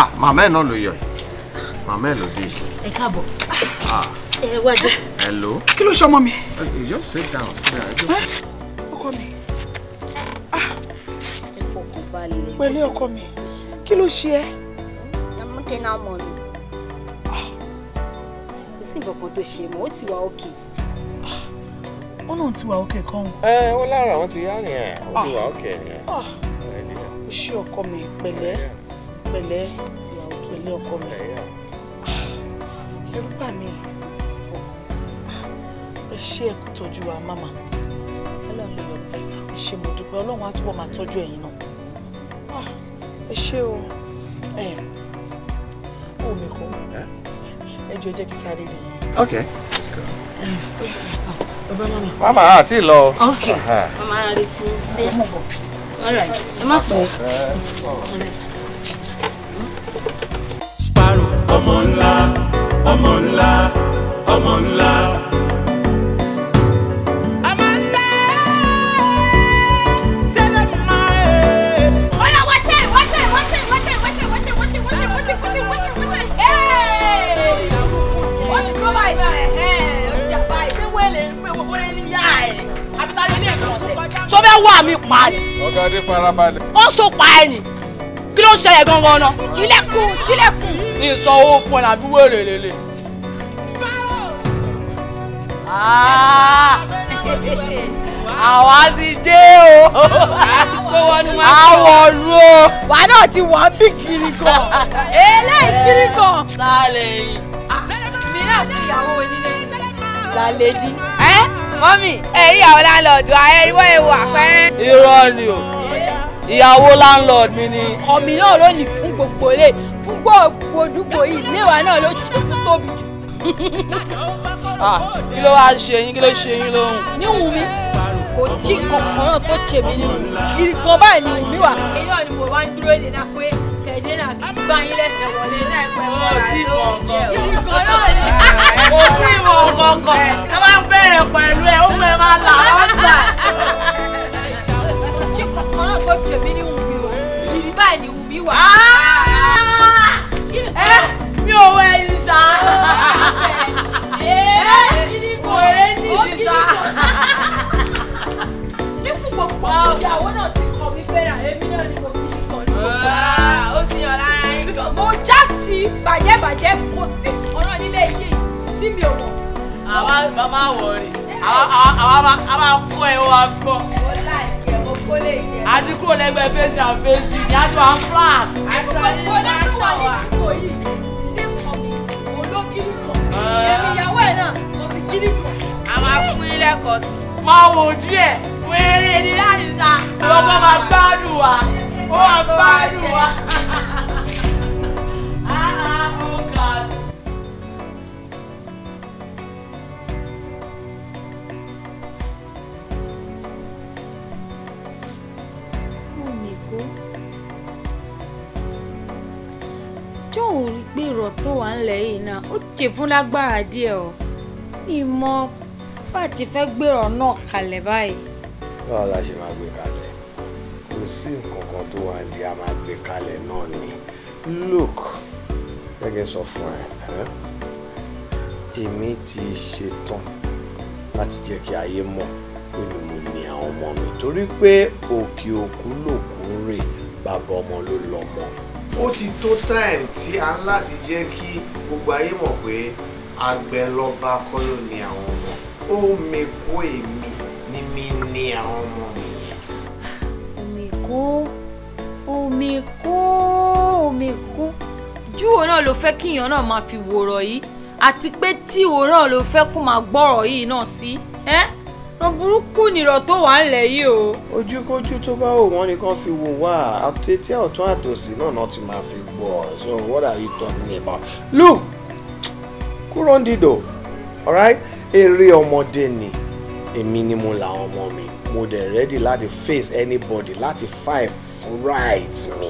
Speaker 4: ah màmá ẹ̀ náà ló yọ ẹ̀ màmá ẹ̀ ló dé. ẹ káàbọ̀ ah. ẹ wá jẹ. hello. kí ló ṣe ọmọ mi. you uh, just sit down.
Speaker 2: ọkọ mi ah. pẹ̀lú ọkọ mi kí ló ṣe ẹ́. àmọ́ kí náà mọ̀ ni. Ah. kò sí nǹkan kan tó ṣe mọ́ ó ti wà òkè.
Speaker 5: ó náà ti wà òkè kan. ẹ ó lára àwọn ti yá nìyẹn ó ti wà òkè nìyẹn. ó
Speaker 4: ṣe ọkọ mi pẹ̀lẹ́ pẹ̀lẹ́ pẹ̀lẹ́ ọkọ mi ẹ̀rù bà mí ẹ ṣé ẹ tọ́jú wa mama ẹ ṣé mo dúpẹ́
Speaker 2: ọlọ́run á túbọ̀ máa tọ́jú ẹ̀yin náà ah, ẹ ṣé o ó mi kọ́ ẹ jọ jẹ́ kí sáré rí i.
Speaker 5: okay let's go. bàbá mama. mama àti lọ.
Speaker 4: okay
Speaker 2: mama retí bẹ́ẹ̀ all right ẹ má
Speaker 5: pẹ́
Speaker 1: ọmọ ńlá ọmọ ńlá ọmọ ńlá.
Speaker 2: tó bẹ́ wà mí pa
Speaker 5: ni. ọ̀gá dé farabalẹ̀.
Speaker 2: ó sùn pa ẹ̀ ni kí ló ń ṣẹlẹ̀ gangan náà. jilẹ̀kùn jilẹ̀kùn ní sanwó fún ẹ àbí wèrè lélẹ̀. Ah. àwa ti dé o àwọ̀ lu o wà náà ti wà bí kiri kan eléyìí kiri kan. sálẹ̀ yìí ah, mi náà ti ìyàwó onílé lálẹ́ dí. ẹ mọ́mì ẹ rí àwọn láńlọ́ọ̀dù ayẹriwọ́ ewu àpẹẹrẹ. irọ́ ni o ìyàwó láńlọ́ọ̀dù
Speaker 5: mi ni. ọ̀mì náà ló
Speaker 2: ní fún gbogbo eléyìí àdúgbò gbòdúgbò yìí léwa náà ló tóbi jù. Ah, kí ló wáá ṣe yín kí ló ṣe yín lóhùn. níwùú mi kò tí kankan náà tó ṣe mí nínú ìrìkan báyìí ni wùmí wà. èyí náà ni mo wá ń dúró de náà pé kẹ̀dé náà kí gbá yín lẹ́sẹ̀ wọlé láìpẹ́ wọn rà lóòjẹ́ ìrìkan náà ni. mo ti mọ̀ ọ̀kọ̀ọ̀kan tó bá ń bẹ̀rẹ̀ pẹ̀lú ẹ̀ ó mẹ́ máa là ọ́ gbà. kò tí kankan náà tó ṣe mí ní wùmí o ìrì báyìí ni wùmí wà. Ah! ẹ eh, mi ò wẹ ìṣá. ẹ kìíní kò èrè ní ìṣá. dípò gbogbo ìyàwó náà ti kọ mi fẹ́ràn èmi náà ni mo fi ní kan ní gbogbo. ó ti yàn lára yín gan. mo já sí bàjẹ́bàjẹ́ kò sí ọ̀rọ̀ nílé yìí tí mi ò mọ̀. àwa máa wọ̀ rè àwa máa kó ẹ wá gbọ́. ẹ̀wọ̀n láì kó lè a ti kúrò lẹ́gbẹ̀ẹ́ face down face two ni a ti wà ń flat. àtúntò olóòtú wà ní ìdíkò yìí ilé kan mi olókìlì kan eh. ìyàwó ẹ̀ náà mo fi kìlì kan. a máa fún ilé ẹ̀kọ́ sí. máa wò díẹ̀ wẹ́rẹ́ ni láì ọgbọ́n máa gbádùn wa ó máa gbádùn wa. ọ̀rọ̀ tó wà ńlẹ̀ yìí náà ó ti fún lágbára díẹ̀ o ìmọ̀ bá ti fẹ́ gbèrò náà kalẹ̀ báyìí.
Speaker 4: báwo la ṣe máa gbé kalẹ̀ kò sí nǹkan kan tó wà ní a máa gbé kalẹ̀ náà ni look gẹ́gẹ́ sọ fún ẹ èmi ti ṣetán láti jẹ́ kí ayé mọ̀ pé mi mo ní àwọn ọmọ mi torí pé òkè òkú lòkú bàbá ọmọ ló lọ́mọ ó ti tó time tí a ń láti jẹ́ kí gbogbo ayé mọ̀ pé àgbẹ̀ kọ́ló ni àwọn ọmọ ó meko èmi ni mi ni àwọn ọmọ nìyẹn.
Speaker 2: òmìkó òmìkó òmìkó júwò náà ló fẹ́ kíyàn náà máa fi wòrọ̀ yìí àti pé tí òun náà ló fẹ́ kó máa gbọ́rọ̀ yìí náà sí. Eh? burúkú nìrọ̀ tó wà ńlẹ̀ yìí o.
Speaker 4: ojúkójú tó bá wò wọ́n nìkan fi wò wá àtẹ̀tẹ̀ ọ̀tún àtòsí náà náà ti máa fi gbọ́ so what are you talking about. look kúrò ń dìdò alright eré ọmọdé ni èmi ni mo làwọn ọmọ mi mo dẹ̀ ready láti face anybody láti fight for right mi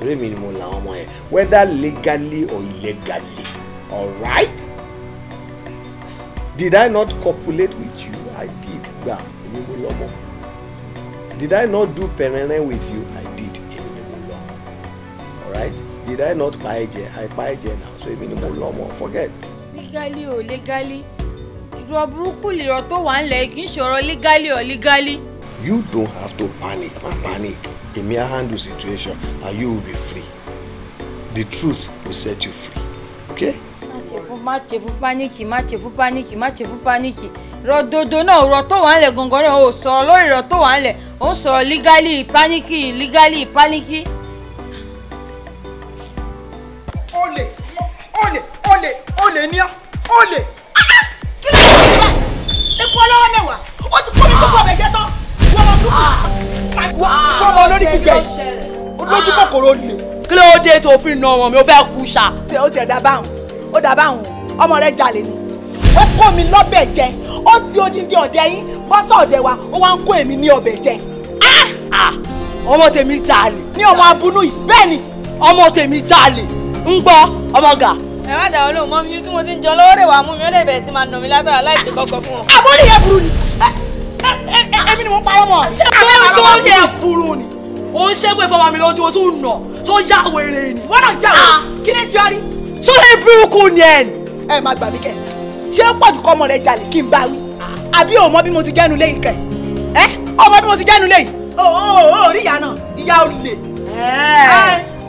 Speaker 4: torí mi ni mo làwọn ọmọ yẹn whether legally or illegally alright did I not copulate with you gbà èmi mo lọ́mọ did I not do pẹ̀rẹ̀rẹ̀ with you I did èmi ni mo lọ́mọ alright did I not pa ẹ̀jẹ̀ I pa ẹ̀jẹ̀ now so èmi ni mo lọ́mọ forget.
Speaker 2: legally o legally ìrọ̀ burúkú lèrò tó wà ń lẹ̀ kì í ṣòro legally o legally.
Speaker 4: you don't have to panic ma panic èmi á handle situation and you will be free the truth will set you free okay
Speaker 2: ṣe fún má ṣe fún pánìkì má ṣe fún pánìkì má ṣe náà rọ tó wà ń gangan náà ò sọ̀rọ̀ lórí rọ tó wà ń ò ń sọ̀rọ̀ lígálì pánìkì lígálì pánìkì. olè olè olè olè ní ọ olè kí ló ń bá epo ọlọ́wọ́ mẹ́wàá ó ti kó mi gbogbo ọ̀bẹ tán wọ́n mọ lórí gbígbẹ́ lójú kòkòrò lè. kí ló dé tó fi nà wọn mi ò fẹ́ kú sa. ó ti ẹ̀ dá báwọn. ó dàbá àwọn ọmọ rẹ jalè ni ó kó mi lọ́bẹ̀ jẹ ó ti odindi ọ̀dẹ yín bọ́sọ̀ ọ̀dẹ wa ó wá ń kó èmi ní ọbẹ̀ jẹ. Ah, ah. ọmọ tèmi jalè. ní ọmọ abunú yìí ni. ọmọ tèmi jalè ń gbọ́ ọmọ gà. ẹ dàá olóhùn mi tí mo ti ń jọ lọ́wọ́ mú mi ó lè bẹ̀rẹ̀ sí máa nà mí látara kọ́kọ́ fún yẹn burú ni mo parọ́ mọ́. o burú o ń ṣẹ́gun mi o tó ni. wọ́n náà jà wọ́n ah. kí ni sọ́ọ́rí sọlá burúkú ni ẹ. ẹ má gbà mí kẹ ṣé pọ̀jù kọ́ ọmọ rẹ jalè kí n bá wí àbí o mọ bí mo ti gẹ́nu léyìí kẹ ẹ ọmọ bí mo ti gẹ́nu léyìí. o ò rí ìyá náà ìyá olè.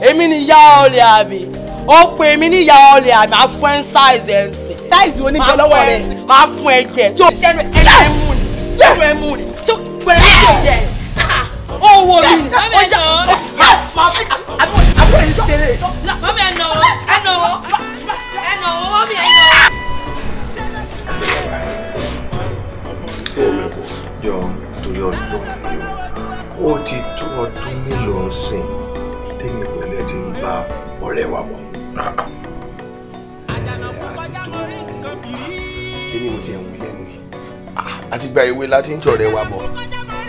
Speaker 2: èmi ni ìyá olè àbí ó pe mi ní ìyá olè àbí máa fún ẹ ń ṣáìsì ẹ ń sìn. ṣáìsì wo ní gbọ́ lọ́wọ́ rẹ. máa fún ẹ jẹ tó. ṣẹ́nu ẹ mú ni ṣẹ́nu ẹ mú ni tó gbẹ̀rẹ̀ ṣe ń ṣeré. mọ́mí ẹ̀ nà ó ẹ̀ nà ó ẹ̀ nà ó mọ́mí ẹ̀ nà ó.
Speaker 4: yọ torí ọdún ó ti tó ọdún mélòó sìn lẹ́yìn pẹ̀lú ẹ ti ń bá ọ̀rẹ́ wa bọ̀. kí ni mo ti ẹ̀ wí lẹ́nu yìí àti gba ìwé láti ń jọ̀rẹ́ wa bọ̀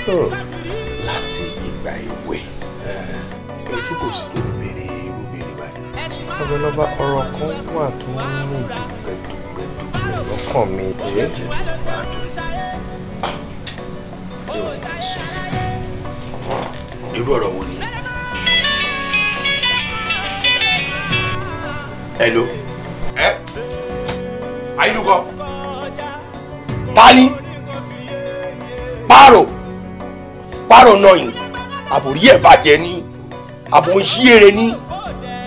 Speaker 4: hmm. láti ìgbà ìwé ẹ ṣé kò sí tó níbi lọ́balọ́ba ọ̀rọ̀ kan wà tó ń rìn dùgbẹ̀dùgbẹ̀dùgbẹ̀ lọ́kàn mi jẹ́jẹ́ ah, irú ọ̀rọ̀ wo ni. hello. ẹ ayélujọ. tani paro paro nọyìn àbòrí ẹ̀ bàjẹ́ ni àbòǹṣiyèrè ni.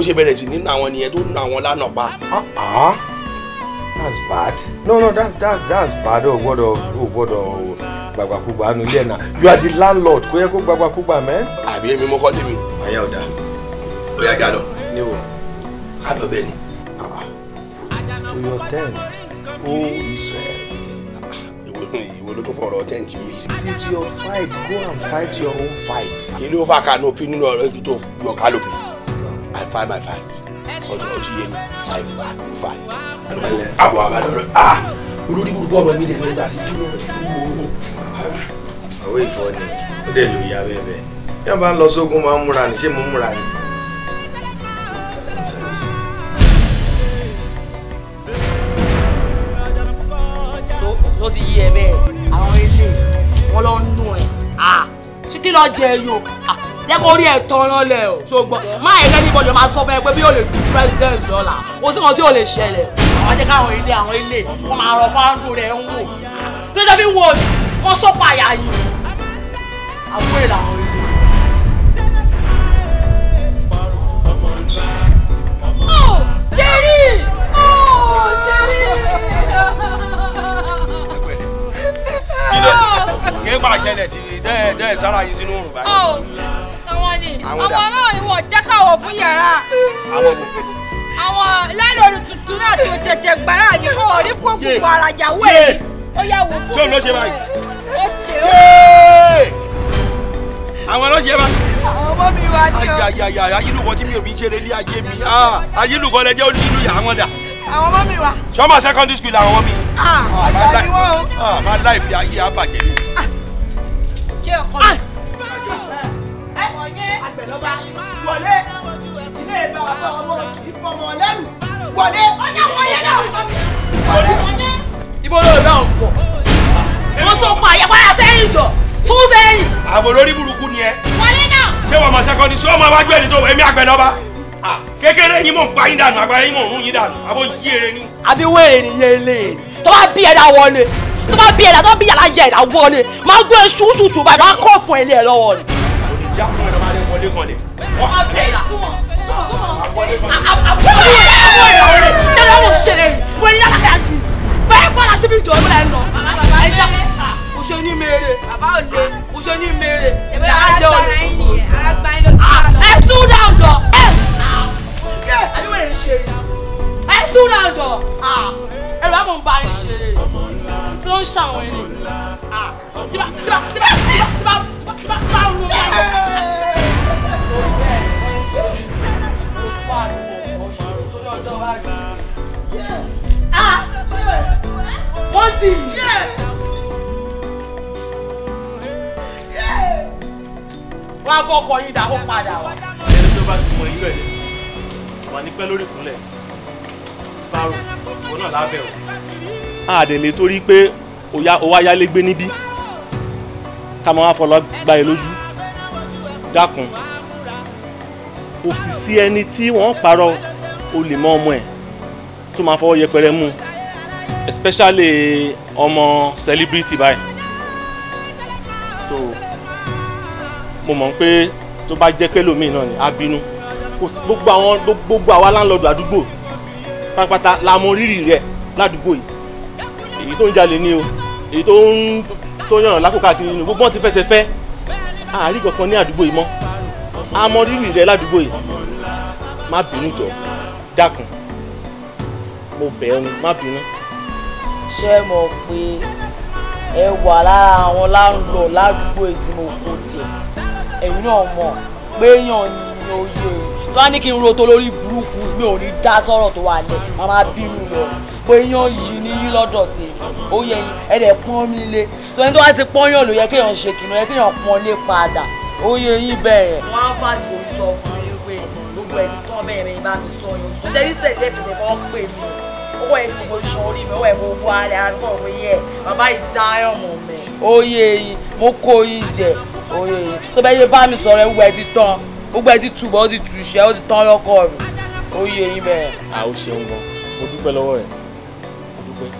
Speaker 4: bó ṣe bẹ̀rẹ̀ sí nínú àwọn nìyẹn tó nínú àwọn lánà pa. Ah, ah. that's bad no no that's that's that's bad o gbọ́dọ̀ o gbọ́dọ̀ gbagbakugba nu ilé ẹ na you are the landlord kò yẹ kó gbagbakugba mẹ. àbí èmi mọ́kọ́ tèmi. àyà ọ̀dà. ó yà jà lọ. níwọ̀. a lọ bẹ́ẹ̀ ni. Ah, to your tent o oh, Israel. ìwọ ló tó fọ̀rọ̀ tent yìí. it is your fight go and fight your own fight. kí ló fà kanopi nínú ọ̀rọ̀ ètò yọ I five by five ọjọ ọjọ yẹn I five five five. àdùmọ̀lẹ̀ àbọ̀ àbàdàn ah olórí burúkú ọmọ mi lè fẹ́ gbà sí inú ìlú àwọn ìfọ ni ó dẹ̀ lóye abẹ́bẹ́ yóò bá ń lọ sógun máa ń múra ní ṣé mo múra ni.
Speaker 2: ló ti yí ẹ bẹ́ẹ̀ àwọn ilé wọn lọ ń nù ẹ. Ah! ṣé kí lọ jẹ yòó ah, jẹ́ kó rí ẹ̀ tọ́ran lẹ̀ o ṣùgbọ́n má ẹ̀rọ níbọ̀dọ̀ máa sọ fún ẹ pé bí yóò lè du president lọ́la o sì kan tí yóò lè ṣẹlẹ̀ àwọn jẹ́ káwọn ilé àwọn ilé wọ́n máa rọ fáńdù rẹ̀ ń wò kí ló dé bí wò ó wọ́n sọ pààyà yìí àbúrò làwọn ilé.
Speaker 5: Jerry! Oh, Jerry!
Speaker 4: Oh, Jerry! tẹ́ ẹ tẹ́ ẹ sára yín sínú òrùn báyìí.
Speaker 2: Oh, àwọn ni àwọn náà ni wọ́n jẹ́ káwọ̀ fún yàrá. àwọn bò àwọn lẹ́lọ́rù tuntun náà tó jẹjẹ gbàrà yìí kó orí kó gbogbo arajà wẹ̀ ó yà wò fún mi. ló ṣe báyìí. ó ṣe ó.
Speaker 4: àwọn ló ṣe báyìí. àwọn ọmọ mi wá ní o. ayayaya ayélujára tí mi ò fi ń ṣeré ní ayé mi ah, ayélujára lẹjẹ ó nílùú yà wọn dà. àwọn ọmọ mi wá. sọmọ secondary school làwọn ọmọ mi.
Speaker 5: Ah, àgbà ni ah,
Speaker 4: wọn o. máa láì fi ayé àbàjẹ́ mi
Speaker 2: ṣe ọkọ mi. ẹ agbẹ̀lọba wọlé ilé bàbá ọmọ ìpọmọ lẹ́rù wọlé. ọjà wọlé náà sọ mi.
Speaker 4: wọlé. ibo ló ń dáhùn pọ̀. wọ́n tún pa àyẹ̀wò ara sẹ́yìn jọ tún sẹ́yìn. àbò lórí burúkú ni ẹ. wọlé náà. ṣé wọn mọ sẹkọndì ṣé ọmọ wájú ẹni tó èmi àgbẹ̀lọba kékeré yín mò ń yín dànù àgbáyé yín mò ń yín dànù àbó yí ere ni. àbí wéèrè
Speaker 2: nìyẹn lè e? tó bá bí ẹ wọlé tó bá bí ẹ̀dá tó bí yàrá yẹ ẹ̀dá wọ ni máa gbé esu ṣùṣù báyìí máa kọ́ fún ẹni ẹ̀ lọ́wọ́ ni.
Speaker 4: ìyá fún mi ló máa lé wọlé kan ni. wọ́n á bẹ̀rẹ̀ súnmọ́
Speaker 2: súnmọ́ àwọn ìyàwó rẹ̀ ṣé lọ́wọ́ ṣẹlẹ̀ wọ́n ní yàrá yàgì bẹ́ẹ̀ kọ́ra síbi ìjọ ìbúra ẹ̀ nọ. ẹja kò ṣe ní mèrè bàbá ò lè kò ṣe ní mèrè yàrá jẹ́ òní. ẹ sún dáhùn jọ ẹ. àbí wọ́n lè ṣe. ẹ sún dáhùn jọ ẹ̀rọ àmọ̀ ń bá ń ṣe ló ń ṣàwọn ẹni tíba tíba tíba tíba tíba tíba tíba tíba ń wọn bá wọn. wọ́n ti. wọ́n á bọ́ ọkọ̀ yín dà ó padà wá.
Speaker 1: ẹni tó bá ti mọ ìlú ẹ̀ wà ní pẹ́ lórí ìkúnlẹ̀ bárò òun náà lábẹ́ o. àdèlè torí pé ó wá yálé gbé níbí ká máa wá fọlọ́ gbá yẹn lójú dákun kò sì sí ẹni tí wọ́n parọ́ olè mọ́ ọmọ ẹ̀ tó máa fọwọ́ yẹpẹrẹ mú especially ọmọ celebrity báyìí so mo mọ̀ pé tó bá jẹ́ pé lómi náà ni á bínú gbogbo àwọn gbogbo àwa láńlọ́ọ̀dù àdúgbò pátápátá la mọ rírì rẹ̀ ládùúgbò yìí èyí tó ń jalè ni o èyí tó ń tó yàn lákòókò àkiri ni gbogbo wọn ti fẹsẹ̀ fẹ́ àárí kankan ní àdúgbò yìí mọ́ a mọ rírì rẹ̀ ládùúgbò yìí má bínú jọ dákun mo bẹ̀ ẹ́ má bínú.
Speaker 2: ṣé mo pe ẹ wà lára àwọn láńlọ ládùúgbò yìí tí mo kó jẹ ẹ̀yin náà mọ̀ pé èèyàn ni oyè tí wọ́n ní kí n ro tó lórí burúkú mi ò ní dá sọ̀rọ̀ tó wà lẹ̀ màá máa bínú lọ pé yán yìí ní yín lọ́dọ̀ tè ó yẹ ẹ̀dẹ̀ pọ́n mi lé tó ní tó wá ti pọ́n yàn ló yẹ kéèyàn ṣe kìnnà yẹ kéèyàn pọ́n lé padà ó yẹ yín bẹ̀rẹ̀. wọ́n á fásitì òun sọ fún yín pé gbogbo ẹ̀ ti tán bẹ́ẹ̀ bá mi sọ yín tó ṣe yíṣẹ́ ìdẹ́pẹ̀tẹ̀ kan pè mí owó ẹ̀ gbogbo iṣan orí mi owó ẹ̀ gbogbo alẹ́ àgbọ̀ wíyẹ̀ bàbá ìdáyọ̀ mọ̀ mẹ́. ó yẹ yín mo kó yín jẹ ó yẹ yín tó bẹ́ẹ̀ yẹ bá mi sọ̀rọ̀ ẹ̀ gbogbo ẹ̀ ti tán gbogbo ẹ ti tù bọ́ ó ti tù ṣẹ́ ó ti
Speaker 4: tán lọ́kọ̀ ó yé yín bẹ́ẹ̀.
Speaker 1: à ó ṣeun gan mo dúpẹ́ lọ́wọ́ rẹ̀ mo dúpẹ́.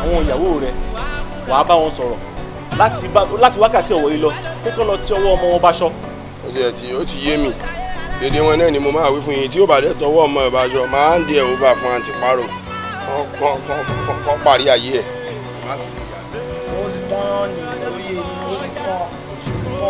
Speaker 1: àwọn ìyàwó rẹ̀ wàá bá wọn sọ̀rọ̀ láti wákàtí ọ̀wọ́ yìí lọ pé kọ́ lọ tí ọwọ́ ọmọ wọn bá
Speaker 4: ṣọ. ó ti ẹ̀ tí ó ti yé mi dédé wọn náà ni mo máa wí fún yín tí ó bá dé tọwọ́ ọmọ ẹ̀ bá ṣọ máa ń di ẹ̀ over fún àǹtí paro kọ́ parí ayé ẹ̀.
Speaker 2: wọ́n ti tán ni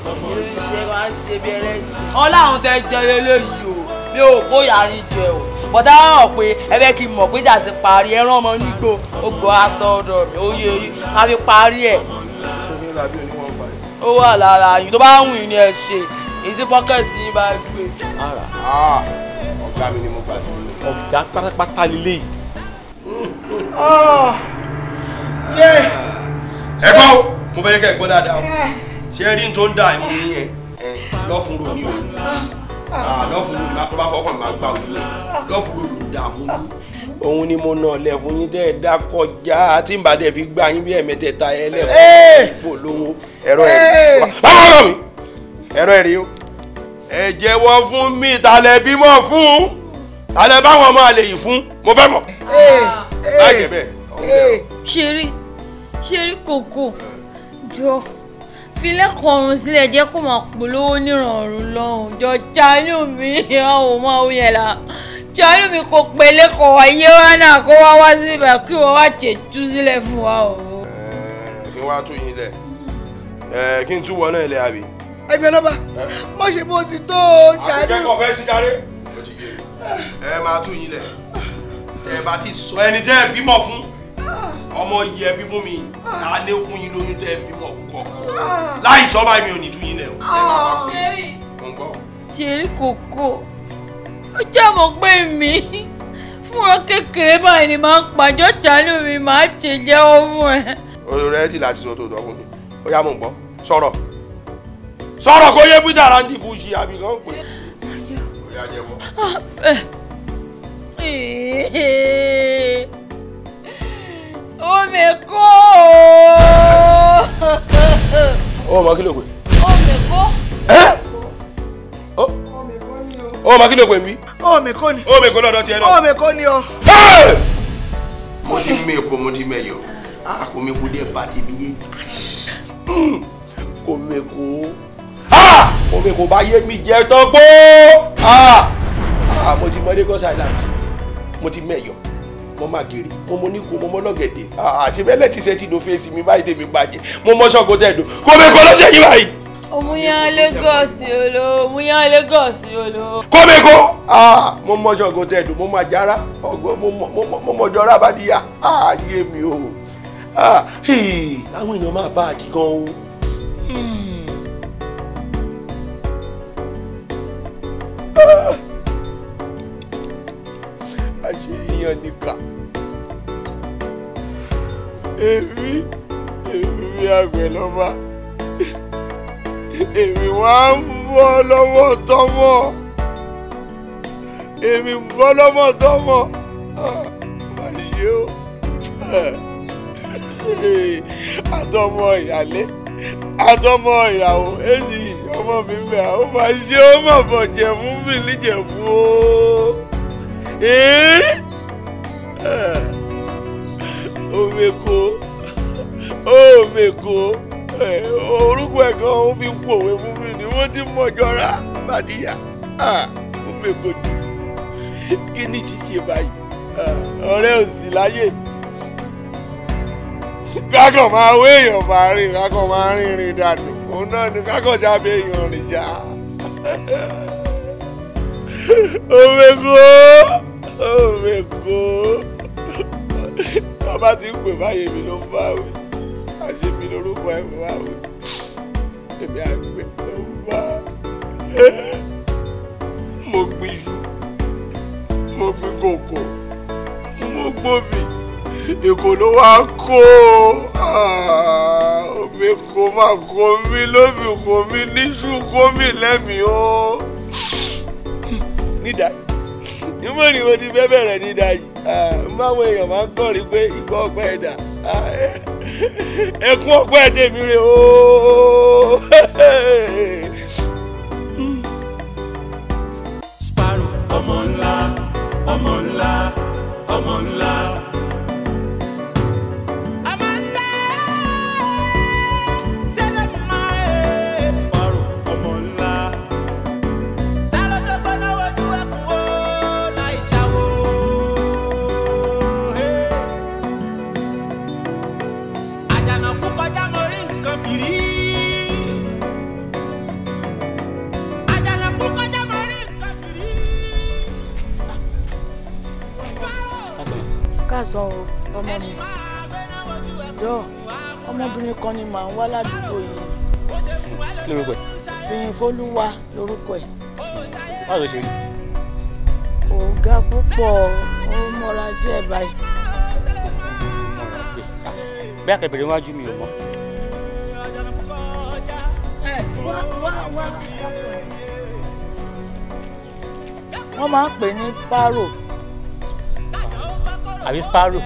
Speaker 2: ṣe máa ń ṣe bí ẹlẹ́yìn. ọlọ́run tẹ jẹ eléyìí o mi ò kó yàrá jẹ o bọ́dá hàn pé ẹ fẹ́ kí n mọ̀ pé jà ti parí ẹran ọmọ nígbò ó gbọ́ aṣọ ọ̀dọ̀ mi ó yẹ oyún ká fi parí ẹ̀. ó wà lára yìí tó bá ń wìn ni
Speaker 4: ẹ ṣe èyí sí pọ́kẹ́tì yín bá gbé. ọ̀gá mi ni mo gbà sí i. ọ̀gá pátápátá lílé yìí. Ah. ẹ gbọ́ mo fẹ́ kẹ́ ẹ gbọ́ dáadáa ṣé rí n tó ń dà mí yẹn lọ́fùrú ni o ah, lọ́fùrú ni bá fọkàn máa gba òdu lọ́fùrú ló ń dà mú lú. òun ni mo nà lẹ fún yín tẹ ẹ dá kọjá tí n bá dẹ fi gbá yín bí ẹ̀mẹ́tẹ̀ẹ̀ta ẹ lẹ́kọ̀ọ́ ìbò lówó ẹ̀rọ ẹ̀ rí ẹ̀rọ ẹ̀ rí o ẹ jẹ́wọ́ fún mi ìtàlẹ̀ bímọ fún tàlẹ̀ báwọn ọmọ àlè yìí fún mo fẹ́ mọ̀ láì jẹ́
Speaker 2: bẹ́ẹ̀ ṣeré ṣeré kòkó jọ filẹ̀ kọrun sílẹ̀ jẹ́ kó máa polówó nírọ̀rùn lọ́hùn jọ jáánù mi ọ̀hún mọ́ òun yẹn la jáánù mi kò pẹ̀lẹ́ kọ̀ wá yé wa náà kó wá wá sí ibà kí wọ́n wá tètú sílẹ̀ fún wa o.
Speaker 4: ẹ kí wọ́n á tún yín ẹ kí n tún wọ náà lẹ́
Speaker 5: ẹgbẹ́ lọ́ba má ṣe bó ti tó o jáánù. àbíkẹ́kọ̀ọ́ fẹ́ sí
Speaker 4: járe ẹ máa tún yín lẹ̀ ẹ bá ti sọ ẹni tẹ ẹ bímọ fún ọmọ yẹ bí fún mi ta lé fún lóyún tẹ ẹ bímọ fún kọ̀ọ̀kan láì sọ báyìí mi ò ní tú yín lẹ o. Ah. jerry
Speaker 2: jerry kòkó ó jẹ́ mọ̀ pé mi fúnra kékeré báyìí ni máa ń pàjọ́
Speaker 4: tánú mi máa ṣe jẹ́wọ́ fún ẹ. olùrẹ́dì láti sọ tòótọ́ fún mi ó yá mò ń gbọ́ sọ̀rọ̀ sọ̀rọ̀ kó yé bíjà ara ń dìbò ṣe àbí kan pé. ó yá jẹ́wọ́. ó
Speaker 2: mi kó o. Oh,
Speaker 4: mọ kí ló pè. ó mẹ́kọ́. ẹ́ ó Oh, mọ kí ló pè Oh, ó mẹ́kọ́ ni. ó mẹ́kọ́ lọ́dọ̀ tiẹ̀ náà. ó mẹ́kọ́ ni o. mo ti mú epo mo ti mẹ́yọ̀ a kò mẹ́kọ́ díẹ̀ bá ti bí yé hmm, kò mẹ́kọ́ kò mẹ́kọ́ bá yé mi jẹ́ tán gbó ah, mo ti mọ Lagos Island mo ti mẹ́yọ̀ mo máa gèrè mo mo ní ko mo mọ lọ́gẹ̀dẹ̀ àṣebẹ́lẹ̀ ah, tí sẹ́tì ló fèsì mi báyìí tèmi bàjẹ́ mo mọ ṣọ́kò tẹ̀dọ̀ kò mẹ́ kọ́ lọ́sẹ̀ yìí báyìí.
Speaker 2: òmùyàn Lagos olo òmùyàn Lagos olo. kò mẹ́
Speaker 4: kọ́ ah, mo mọ ṣọ́kò tẹ̀dọ̀ mo máa jára ọgbọ́n mo mọ jọra abadíyà ayé ah, mi o àwọn èèyàn máa bá a di gan o.
Speaker 5: Hmm. Ah! ṣe èèyàn nìkà èmi èmi àgbẹ̀ lọ́ba èmi wá ń bọ́ lọ́wọ́ tọ́mọ́ èmi ń bọ́ lọ́wọ́ tọ́mọ́ ah, màyé o àtọmọ ìyálé àtọmọ ìyàwó èyí ọmọ mi bẹ àwọn máa ṣe ó mà bọ̀ jẹ̀ fún mi níjẹ̀ fún o. Eh? Eh. omeko omeko eh, orúkọ ẹ̀ gan ó fi ń pòwe fún mi ni wọ́n ti mọ̀jọ́ra bàdíyà ah, omeko kí ni ṣíṣe báyìí ah, ọ̀rẹ́ ò sí láyé kákọ̀ máa wé èèyàn máa rìn kákọ̀ máa rìnrìn dànù òun náà ni kákọ̀ jábẹ́ èèyàn rìn já omeko òwe kó bàbá ti ń pè báyìí mi ló ń bá wí àṣebí lórúkọ ẹ̀ bá wí èmi àgbẹ̀ ló ń bá mo gbin iṣu mo gbin kòkó mo gbóbi èkó ló wá kó ah, omi kò máa kó mi lóbi kó mi níṣu kó mi lẹ́mìí ó hmm, nídàá. ìmọ̀ ìrìnwó ti fẹ́ bẹ̀rẹ̀ dídá yìí mọ àwọn èèyàn máa ń kọ́rin pé ìgbọ́ ọgbẹ́ ẹ̀dá ẹkún ọgbẹ́ rè
Speaker 1: Sparrow ọmọ ńlá ọmọ ńlá ọmọ ńlá.
Speaker 2: káàsán o ọmọ mi jọ ọmọbìnrin kan ni màá ń wá ládùúgbò yìí. lórúkọ ẹ. fìyìn fólúwa lórúkọ ẹ. báwo
Speaker 1: ló ṣe rí.
Speaker 2: kò ga púpọ̀ ó mọ́ra díẹ̀ báyìí.
Speaker 1: bí akẹ́bẹ̀rẹ̀ wájú mi ò mọ́. wọ́n máa ń pè ní paro àbí sparrow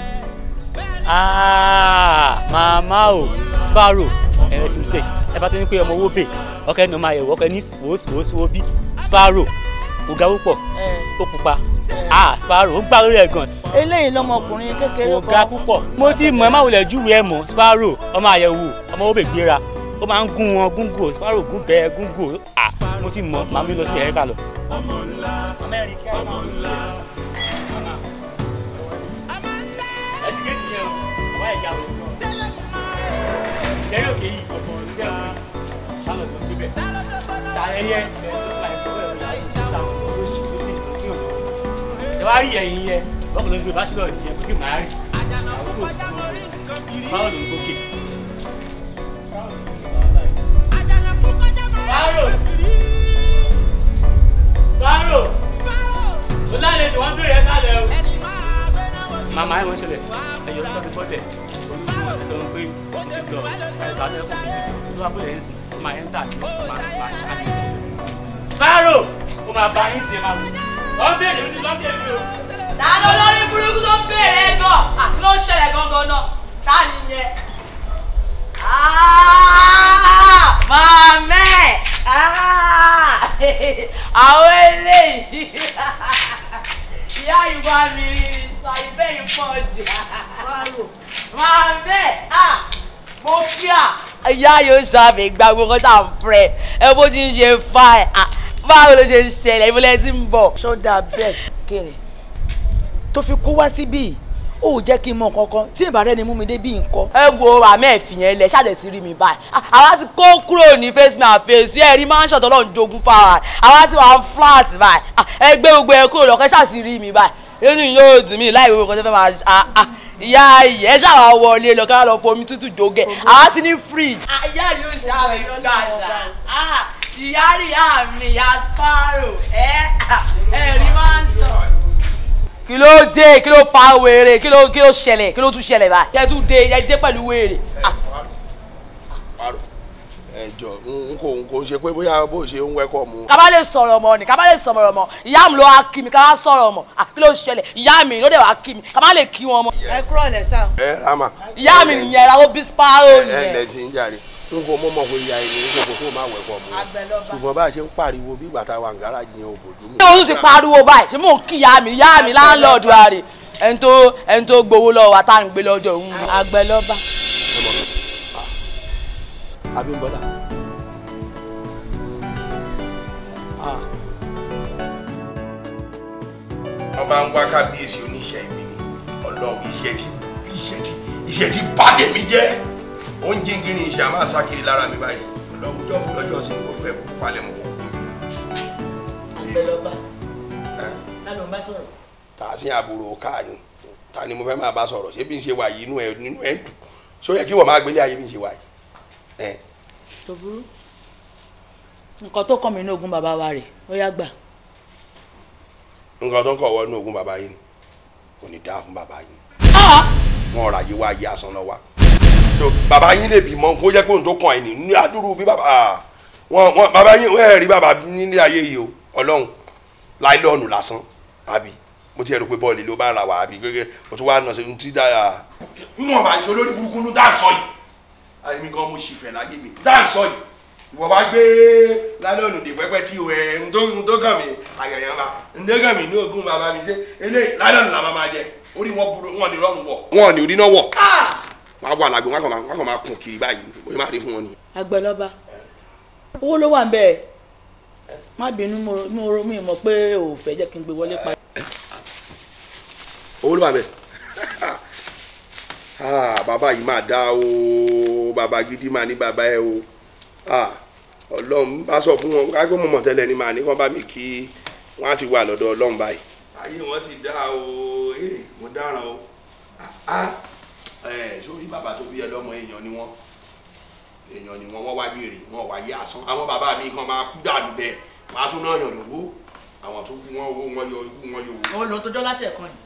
Speaker 1: ah, màmá o sparrow ẹ ẹ fi mistake ẹ bá ti ní pé ọmọ owó bè ọkọ ẹni ọmọ àyẹ̀wò ọkọ ẹni wòówòówò bí sparrow kò ga púpọ̀ ó pupa ah, sparrow ó gbá lórí ẹ̀ gan.
Speaker 2: eléyìí lọmọkùnrin kékeré kan kò
Speaker 1: ga púpọ̀ mo ti mọ̀ ẹ́ má wulẹ̀ júwe ẹ̀ mọ̀ sparrow ọmọ àyẹ̀wò ọmọ owó bè gbéra ó máa ń gún wọn gúngò sparrow gún bẹ́ẹ̀ gúngò ah, mo ti mọ̀ màmí lọ sí ẹ̀ka lọ. ọmọ ńlá ọmọ ńlá sẹ́rí òkè yìí ọ̀pọ̀ nígbà sálọ̀ tó débẹ̀ sàyẹyẹ ẹ wá rí ẹ̀yìn yẹ bọ́ọ̀mù ló ń gbé bachelor yìí yẹn kó sì máa rí báwo ló ń gòkè. Sparrow Sparrow tó lálejò wọn bèrè ẹ sálẹ̀ o. màmá ẹ wọ́n ṣẹlẹ̀ ẹ̀yọ́ tó tọ́ fi bọ́ tẹ̀ sọ pé ìjọ àìsàn ẹ̀fọ́ tó bá pèlè ẹ̀sìn ó máa ẹ́ńtà ní máa bá ṣá. Sparrow ó máa bá yín ṣe máa wò wọ́n béèrè ojú lọ́n kẹ́mi o.
Speaker 2: Ta ló lórí burúkú tó ń béèrè ẹ gan àti ló ń ṣẹlẹ̀ gangan náà ta ni yẹn. Ah, Màmẹ́ ah, àwọn eléyìí ìyá ìwà mi rí sọ ìbẹ́ ìpọ̀ jù. Sparrow mohammed ah mo fi à. ìyá yóò ṣàfihàn gba gbogbo tá à ń fẹ́ ẹ bó ti ń ṣe fa ẹ báwo ló ṣe ń ṣẹlẹ̀ ìbílẹ̀ ti ń bọ̀. sọ́dà bẹ́ẹ̀ kéré tó fi kó wá síbí ó jẹ́ kí n mọ kankan tí ìbàrẹ́ ni mú mi dé bí nǹkan. ẹ wo àmì ẹ̀fìn yẹn lẹ ṣáàdẹ̀ ti rí mi báyìí àwa ti kó kúrò ní face me and face ẹ rí mansion tó lọ́n jogún fáwọn àwa ti wà flat báyìí ẹ gbé gbogbo ẹ kúrò lọ́kẹ́ ṣáà ti rí mi báyìí inú yóò dùn ìyá ìyẹ́ ṣàwà wọlé lọ ká lọ fomi tútù dógẹ̀ àwa ti ní fridge. ayá ah, yóò ṣe àwọn èèyàn dáadáa ìyá rí àmì ìyá sparrow ẹ ẹ̀rí máa ń sọ. kí ló dé kí ló fa wèrè kí ló ṣẹlẹ̀ kí ló tún ṣẹlẹ̀ báyìí. tẹ́tù dé ẹ dé pẹ̀lú wèrè. Ah,
Speaker 4: ẹjọ nko nko ṣe pé bóyá bó ṣe ń wẹkọ mu. kaba
Speaker 2: lè sọ̀rọ̀ mọ́ ni kaba lè sọ̀rọ̀ mọ́ ìyá mi ló wá kí mi kaba sọ̀rọ̀ mọ́ kí ló ṣẹlẹ̀ ìyá mi ló dé wá kí mi kaba lè kí wọn mọ́. ẹ kúrò lẹ
Speaker 4: sá. ẹ rama. ìyá mi nìyẹn ẹ̀rọ bí sparo nìyẹn. ẹ ẹ lẹ ti ń jàre n kò mọ̀ mọ̀ pé ìyá ẹni n kò kò tó máa wẹ̀kọ̀ mu ṣùgbọ́n bá a ṣe ń pariwo bí gbàtà wà ń gáràjì yẹn ò bòjú mi. ṣé o ti
Speaker 2: pariwo báyìí ṣé mò ń kí ìyá mi ìyá mi láńlọ́ọ̀dù àrè ẹni tó ẹni tó gbowó lọ́wọ́ wa tá à ń gbé lọ́jọ́ òun. àgbẹ̀ lọ́ba. Ah. Abímbọ́lá.
Speaker 4: wọ́n bá ń wá kábíyèsí oníṣẹ́ ibi ni ọlọ́run iṣẹ́ ti iṣẹ́ ti iṣẹ́ ti bá tèmi jẹ́ oúnjẹ gírí iṣẹ́ a máa sá kiri lára mi báyìí ọlọ́run jọ lọ́jọ́ sí ni mo fẹ́ palẹ̀ mọ́. ọ̀pẹ̀lọba
Speaker 1: ta ló ń bá sọ̀rọ̀.
Speaker 4: tà á sí àbúrò káà ni ta ni mo fẹ́ máa bá sọ̀rọ̀ ṣé bí n ṣe wà yìí inú ẹ̀ inú ẹ̀ ń dùn ṣó yẹ kí wọ́n máa gbélé ayé bí n ṣe wà yìí.
Speaker 2: tòbúrú nǹkan tó kàn mí ní ogún bàbá wa rè ó yá gbà
Speaker 4: nǹkan tó ń kọ̀ wọnú ogun bàbá yìí ni kò ní dáa fún bàbá ah! yìí. wọn ọ̀rọ̀ ayé wa ayé asán náà wa. bàbá yín lè bímọ kó jẹ́ pé òun tó kàn ẹ̀ ní adúrú bí bàbá ah, wọn wọn bàbá yín wọ́n rí bàbá nílé ayé yìí o ọlọ́run láìlọ́ọ̀nù lásán àbí mo ti ẹ̀rù pé bọ́ọ̀lì ló bá ra wà àbí gẹ́gẹ́ mo tún wá nà sí ti dára. bí wọn bá ṣe olórí burúkú dáhùn sọ yìí àyèmí gan mo ṣì fẹ́ láyé mi dáhùn yìí ìwọ wá gbé lálọ́ọ̀nù dè tí o ẹ̀ ń tó kàn ní ogún bàbá mi ṣe eléyìí lálọ́ọ̀nù làwọn máa jẹ orí wọn burú wọn ní rọrùn wọ. wọn ní orí ah! wọ wọn á wà lágbo wọn kàn máa kùn kiri báyìí oye máa rí fún wọn ni.
Speaker 2: àgbẹ̀lọba owó ló wà ń bẹ́ẹ̀ má bínú mo ro mi mọ̀ pé o fẹ́ jẹ́ kí n gbé wọlé pa.
Speaker 4: owó ló wà ń bẹ́ẹ̀ ah, bàbá yìí máa dá o bàbá gidi máa ní bàbá ẹ o. Ah ọlọ́run bá sọ fún wọn kágbọ́n mọ̀mọ́ tẹ́lẹ̀ ni màá ní wọ́n bá mi kí wọ́n á ti wà lọ́dọ̀ ọlọ́run báyìí. ayé wọn ti dá o mo dáràn o sórí bàbá tó bí ọlọ́mọ èèyàn ni wọ́n èèyàn ni wọ́n wọ́n wáyé rè wọ́n wáyé asán àwọn bàbá mi kan máa kú dànù bẹ́ẹ̀ wọ́n tún náà yàn lówó àwọn tó kú wọn owó wọn yọ ikú wọn yòówó.
Speaker 2: àwọn lòun tó jọ́ látẹ̀kan ni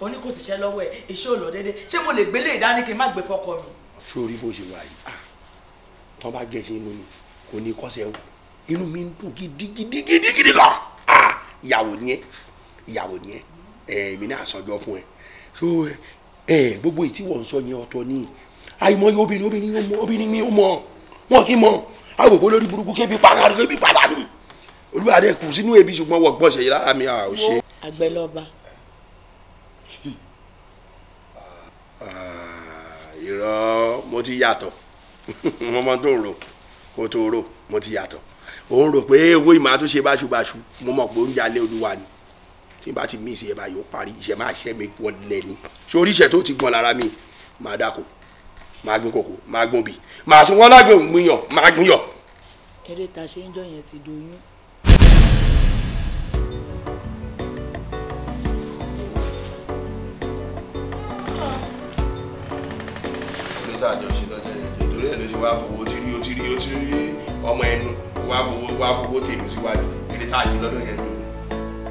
Speaker 2: ó ní kò sì ṣe lọ́wọ́ ẹ̀ iṣẹ́ ò lọ déédéé ṣé mo lè gbélé ìdání má gbé fọkọ mi.
Speaker 4: sórí bó ṣe wà yìí tán bá gẹ̀ inú ni kò ní kọ́sẹ̀ o inú mi ń dùn gidigidigidi gan ah, ìyàwó ni ẹ ìyàwó ni ẹ èmi náà sanjọ fún ẹ so ẹ gbogbo èyí tí wọ́n ń sọ yẹn ọ̀tọ̀ ni àìmọye obìnrin obìnrin obìnrin mi ò mọ wọn kì í mọ àwòkọ́ lórí burúkú kébi pàdánù kébi pàdánù olùwàdẹ kù sínú ebi ṣùgbọ́n wọ́n gbọ́sẹ̀ yìí lára mi à ò ṣe. àgbẹ̀lọba. Ah, irọ́ mo ti yàtọ̀ mo mọ tó ń rò kó tó rò mo ti yàtọ̀ òun rò pé owó ìmọ̀ àtúnṣe báṣubàṣu mo mọ̀ pé oúnjẹ alẹ́ olúwa ni tí n bá ti mísì ẹ̀ bá yóò parí ìṣẹ̀ máa ṣẹ́ mi wọlé ni sórí ìṣẹ̀ tó ti gbọ́n lára mi máa dáko máa gbin kòkó máa gbọ́n bì máa tún wọ́n lágbè òun gbìyàn máa gbìyàn.
Speaker 2: eré ta ṣe ń jọ yẹn ti doyún.
Speaker 4: nígbà àjọṣe lọ náà ló ṣe wá fowó tí rí o ti rí o ti rí ọmọ ẹnu wá fowó wá fowó tèmi síwájú eré tá a ṣe lọ́dún yẹn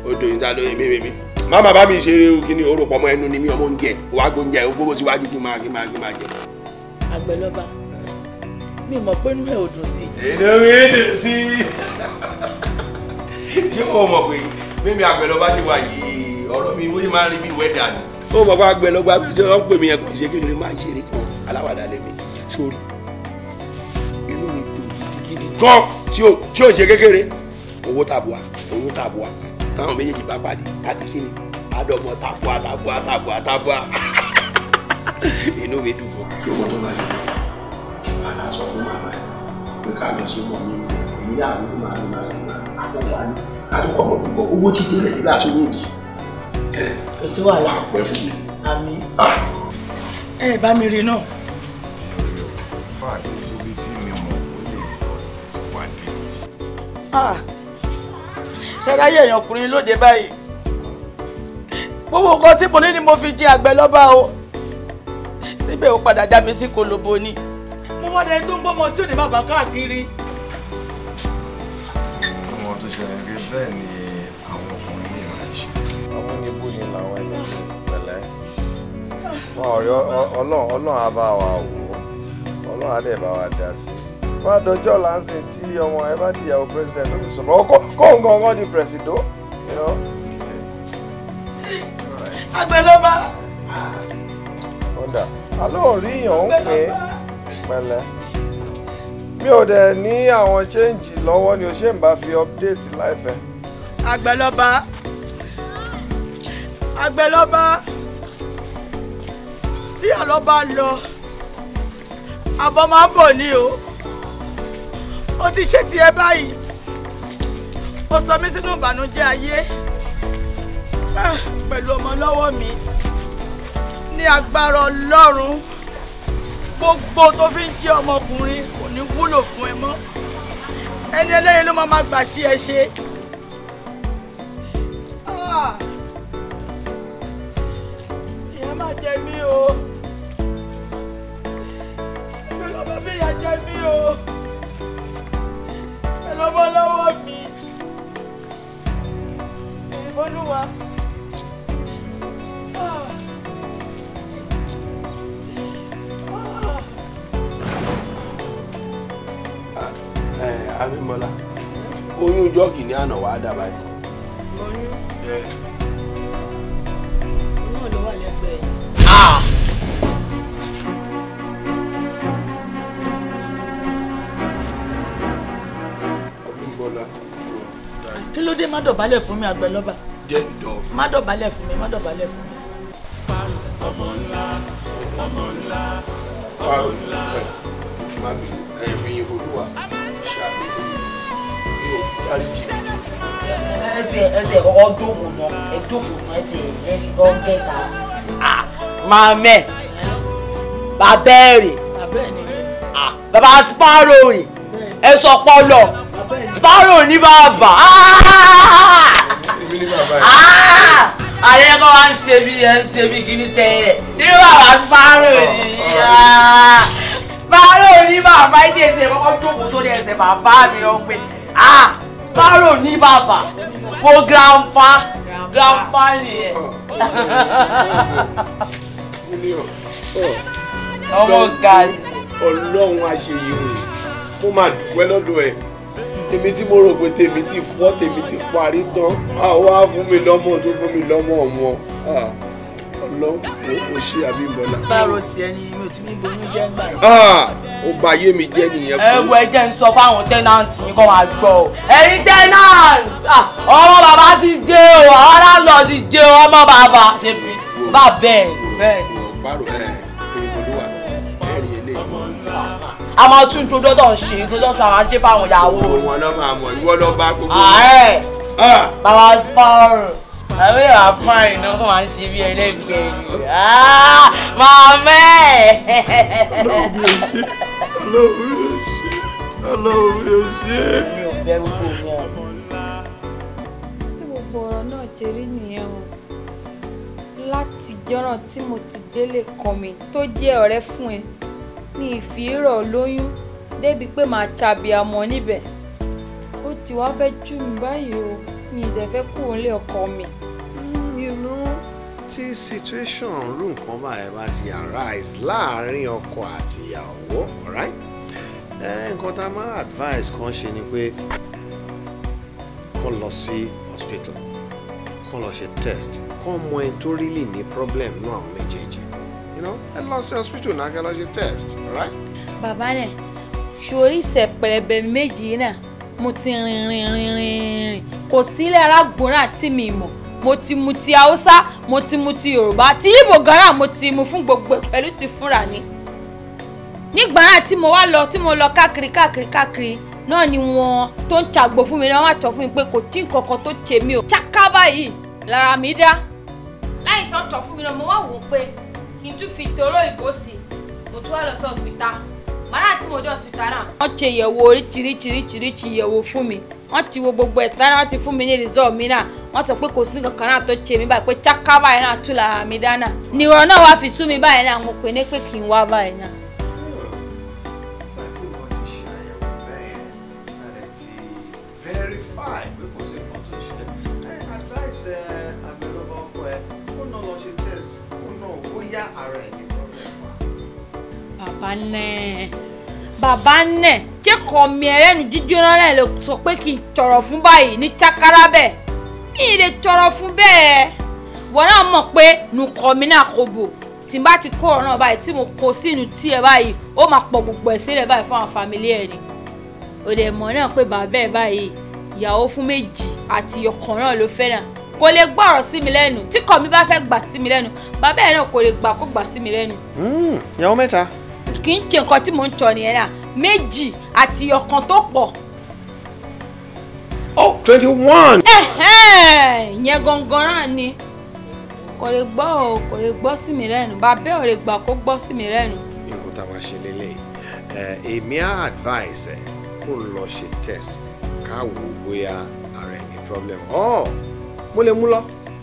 Speaker 4: lóyún odò yìí dáadọ́ èmi èmi má bàbá mi ṣeré o kíni orò pọ̀ mọ́ ẹnu ni mi ọmọ oúnjẹ wàá gbóúnjẹ o gbówó síwájú kí máa kí máa kí máa jẹ.
Speaker 2: àgbẹ̀lọba mi mọ̀ pé inú ẹ̀ ò dùn sí i.
Speaker 4: èdè mi dùn sí i ṣé o mọ̀ pé mímí àgbẹ̀lọba ṣe wà yìí ọ̀rọ̀ mi bó ṣe máa rí bí wẹ́dà ni. ó mọ̀ pé àgbẹ̀lọba bí wọ́n pè mí yẹn kò kí ni máa ń ṣeré aláwàdà lèmi sórí gan tí ò ṣe kékeré owó tàbùà owó tàbùà táwọn méjèèjì bá pàdé àti kíni àdọ̀mọ̀ tàbùà tàbùà tàbùà tàbùà inú mi dùn. kí wọ́n tó bá yẹ
Speaker 1: màdà sọ fún màmá ẹ̀
Speaker 4: pé ká lọ sí ọmọ mi èyí àdúgbò màá ní màá sọ fún màmá àtọ̀wá ní àdúgbò púpọ̀ owó ti délẹ̀ nígbà tó méjì. kò sí wàhálà pẹ́ fún mi. Ah.
Speaker 2: ẹ bá mi rí náà. Ah.
Speaker 4: ṣẹ́ráyé èèyàn ọkùnrin lóde
Speaker 2: báyìí gbogbo nǹkan tí mo ní ni mo fi jẹ àgbẹ̀ lọ́ba o síbẹ̀ ó padà já mi sí kolobo ni mo wá dẹni tó ń gbọ́mọ tí ò ní bàbá káàkiri.
Speaker 4: ọmọ tó ṣẹlẹ̀ pé bẹ́ẹ̀ ni àwọn ọkùnrin yìí máa ń ṣe ọmọ níbo ni làwọn ẹni pẹ̀lẹ́ wọn ọ̀rẹ́ ọlọ́run ọlọ́run á bá wa wò ó ọlọ́run á dẹ̀ bá wa dá sí i bá dọjọ́ láǹsìn tí ọmọ ẹ bá di ìyàwó president lórí sọ̀rọ̀ ọkọ̀ kóun gangan di presido.
Speaker 5: àgbẹ̀lọ́ba. ọ̀dà
Speaker 4: alóòríyàn ń pè é pẹ̀lẹ́ mi ò dẹ̀ ní àwọn chẹ́ǹjì lọ́wọ́ ni o ṣe ń bá fi update láìfẹ́.
Speaker 2: àgbẹ̀lọ́ba àgbẹ̀lọ́ba tí àlọ́ bá lọ àbọ̀ máa ń bọ̀ ni o. O ti ṣe tiẹ̀ báyìí ó sọ mí sínú ìbànújẹ́ ayé ah, pẹ̀lú ọmọ lọ́wọ́ mi ní agbára ọlọ́run gbogbo tó fi ń jẹ́ ọmọkùnrin kò ní wúlò fún ẹ mọ́ ẹni ẹlẹ́yin ló máa ma gbà ṣí ẹ ṣe.
Speaker 5: Ah. ìyá máa jẹ mí o ìgbẹ́ ló bá
Speaker 4: ọmọ bọ́ lọ́wọ́ mi olúwa. Abímbọ́lá oyún jọ́ọ̀kì ní àná wàá dà báyìí.
Speaker 2: kí ló dé má dọ̀bálẹ̀ fún mi àgbẹ̀lọ́ba má dọ̀bálẹ̀ fún mi má dọ̀bálẹ̀ fún mi.
Speaker 1: ọmọ ńlá
Speaker 4: ọmọ ńlá ọmọ ńlá. má bì ẹyin fún yín fọlùwà ṣáàbì fún mi yóò dárí jì.
Speaker 2: ẹ ti ẹ ti kọ́kọ́ dóòmù náà ẹ dóòmù náà ẹ ti ẹ gbọ́ gẹ́ta. máa mẹ́ bàbá ẹ̀ rè bàbá Sparrow rè ẹ sọ pọ́ Sparrow ní bàbá. Àlẹ́ kọ́ máa ń ṣe bí ẹ ń ṣe bí kíní tẹ́lẹ̀. Ní bàbá Sparrow ní. Sparrow ní bàbá ìdí ẹsẹ̀ kọ́kọ́ jókòó sórí ẹsẹ̀ bàbá mi ọ̀pẹ. Sparrow ní bàbá. Fo grandpa. Grandpa nìyẹn.
Speaker 4: Oh. Ọmọ gàdí. Ọlọ́run àṣeyìí mo máa dùpẹ́ lọ́dọ̀ ẹ̀ èmi tí mo rò pé tèmi ti fọ́ tèmi ti parí tán àwa fún mi lọ́mọ tó fún mi lọ́mọ wọn ọlọ́run kò ṣe àbíbọ̀lá. báwo tiẹ̀ ni mi
Speaker 2: ò ti ní bonú jẹ́ gbà.
Speaker 4: ó bà ayé mi jẹ́ nìyẹn. ẹ wo
Speaker 2: ń sọ fáwọn tẹ́nàǹtì yìí kọ́ máa gbọ́ ọ.
Speaker 4: ọmọ bàbá ti dé o àwọn aláǹdọ̀ ti dé o ọmọ bàbá ṣe bí bá bẹ́ẹ̀ bẹ́ẹ̀. ẹ fún mi olúwa ẹ̀rín eléyìí
Speaker 2: a máa tún introduction ṣe introduction àwọn ajé
Speaker 4: fáwọn ìyàwó. wọn lọ máa mọ ìwọ lọ bá gbogbo. ààrẹ ah, eh. ah. bàbá spọrọ
Speaker 2: àwọn èèyàn àfáàrin kò máa ń ṣe bí ẹlẹgbẹ́ ni màmá ah, ọlọ́run
Speaker 5: mi ṣe ọlọ́run ọlọ́run mi ṣe. mi
Speaker 2: ò nìyẹn o látijọ́ náà tí mo ti délé kan mi tó jẹ́ ọ̀rẹ́ fún ẹ mi ìfi rọ̀ lóyún débi pé màá tàbí àmọ́ níbẹ̀ ó ti wá fẹ́ jù mí báyìí o mi ì dẹ̀ fẹ́ kúrò nílé ọkọ mi. Hmm, you know
Speaker 4: tí situation rú nǹkan báyìí bá ti arise láàárín ọkọ àti ìyàwó alright nǹkan tá a máa advice kan ṣe ni pé kó lọ sí hospital kó lọ ṣe test kó mọ ẹni tó really ní problem náà àwọn méjèèjì know ẹ lọ sí hospital náà kẹ lọ ṣe test right.
Speaker 2: bàbá rẹ̀ sórí ìsẹ̀pẹ̀lẹ̀bẹ̀ méjì náà mo ti rìn rìn rìn rìn rìn kò sílẹ̀ alágbóná tí mi mọ̀ mo ti mu ti haúsá mo ti mu ti yorùbá ti ibo gara mo ti mu fún gbogbo pẹ̀lú ti fúnra ni nígbà náà tí mo wá lọ tí mo lọ káàkiri káàkiri káàkiri náà ni wọn tó ń ṣàgbo fún mi náà wọn àtọ fún mi pé kò tí nǹkan kan tó ṣe mí o ṣáká báyìí lára mi dá láì tó ń tọ fún mi náà mo wá wò ó pé kí n tún fi toró ìbòsì mo tún wà lọ sí ọ̀sìpìtà màrà tí mo dé ọ̀sìpìtà náà. wọ́n ṣe ìyẹ̀wò oríṣiríṣiríṣiríṣi ìyẹ̀wò fún mi wọ́n ti wo gbogbo ẹ̀ tán wọ́n ti fún mi ní result mi náà wọ́n sọ pé kò sí nǹkan kan náà tó ṣe mí báyìí pé chákábà yẹn náà tú lára mi dáná. nìrọ̀ náà wá fi sú mi báyìí náà mo pè é ní pé kí n wá báyìí náà. bàbá nẹ bàbá nẹ jẹ́ kọ́ mi ẹlẹ́nu jíjóná náà lè sọ pé kí n tọrọ fún báyìí ní chakara bẹ́ẹ̀ mi lè tọrọ fún bẹ́ẹ̀ wọ́n náà mọ̀ pé nùkọ́ mi náà kò bò tí n bá ti kó ọ̀ràn báyìí tí mo kó sínú tí ẹ báyìí ó máa pọ̀ gbogbo ẹ̀ sílẹ̀ báyìí fún àwọn fámìlì ẹ̀ ni ó dẹ̀ náà pé bàbá ẹ̀ báyìí ìyàwó fún méjì àti ọkàn náà ló fẹ́ kò lè gbọ́ ọ̀rọ̀ sí mi lẹ́nu tí kò mi bá fẹ́ gbà sí mi lẹ́nu bàbá ẹ̀ náà kò lè gbà kó gbà sí mi lẹ́nu.
Speaker 4: Hmm, ìyàwó mẹ́ta
Speaker 2: kì í ṣe nǹkan tí mò ń tọ nìyẹn náà méjì àti ọ̀kan tó pọ̀.
Speaker 4: oh twenty one.
Speaker 2: ìyẹn gangan náà ni kò lè gbọ́ ò kò lè gbọ́ sí mi lẹ́nu bàbá ò lè gbà kó gbọ́ sí mi lẹ́nu.
Speaker 4: nǹkan tá a ṣe lélẹ̀ èmi á advice ẹ̀ kó n lọ ṣe test ká wò ó bóyá ara ẹ̀ ní problem ọ̀ mo lè mú lọ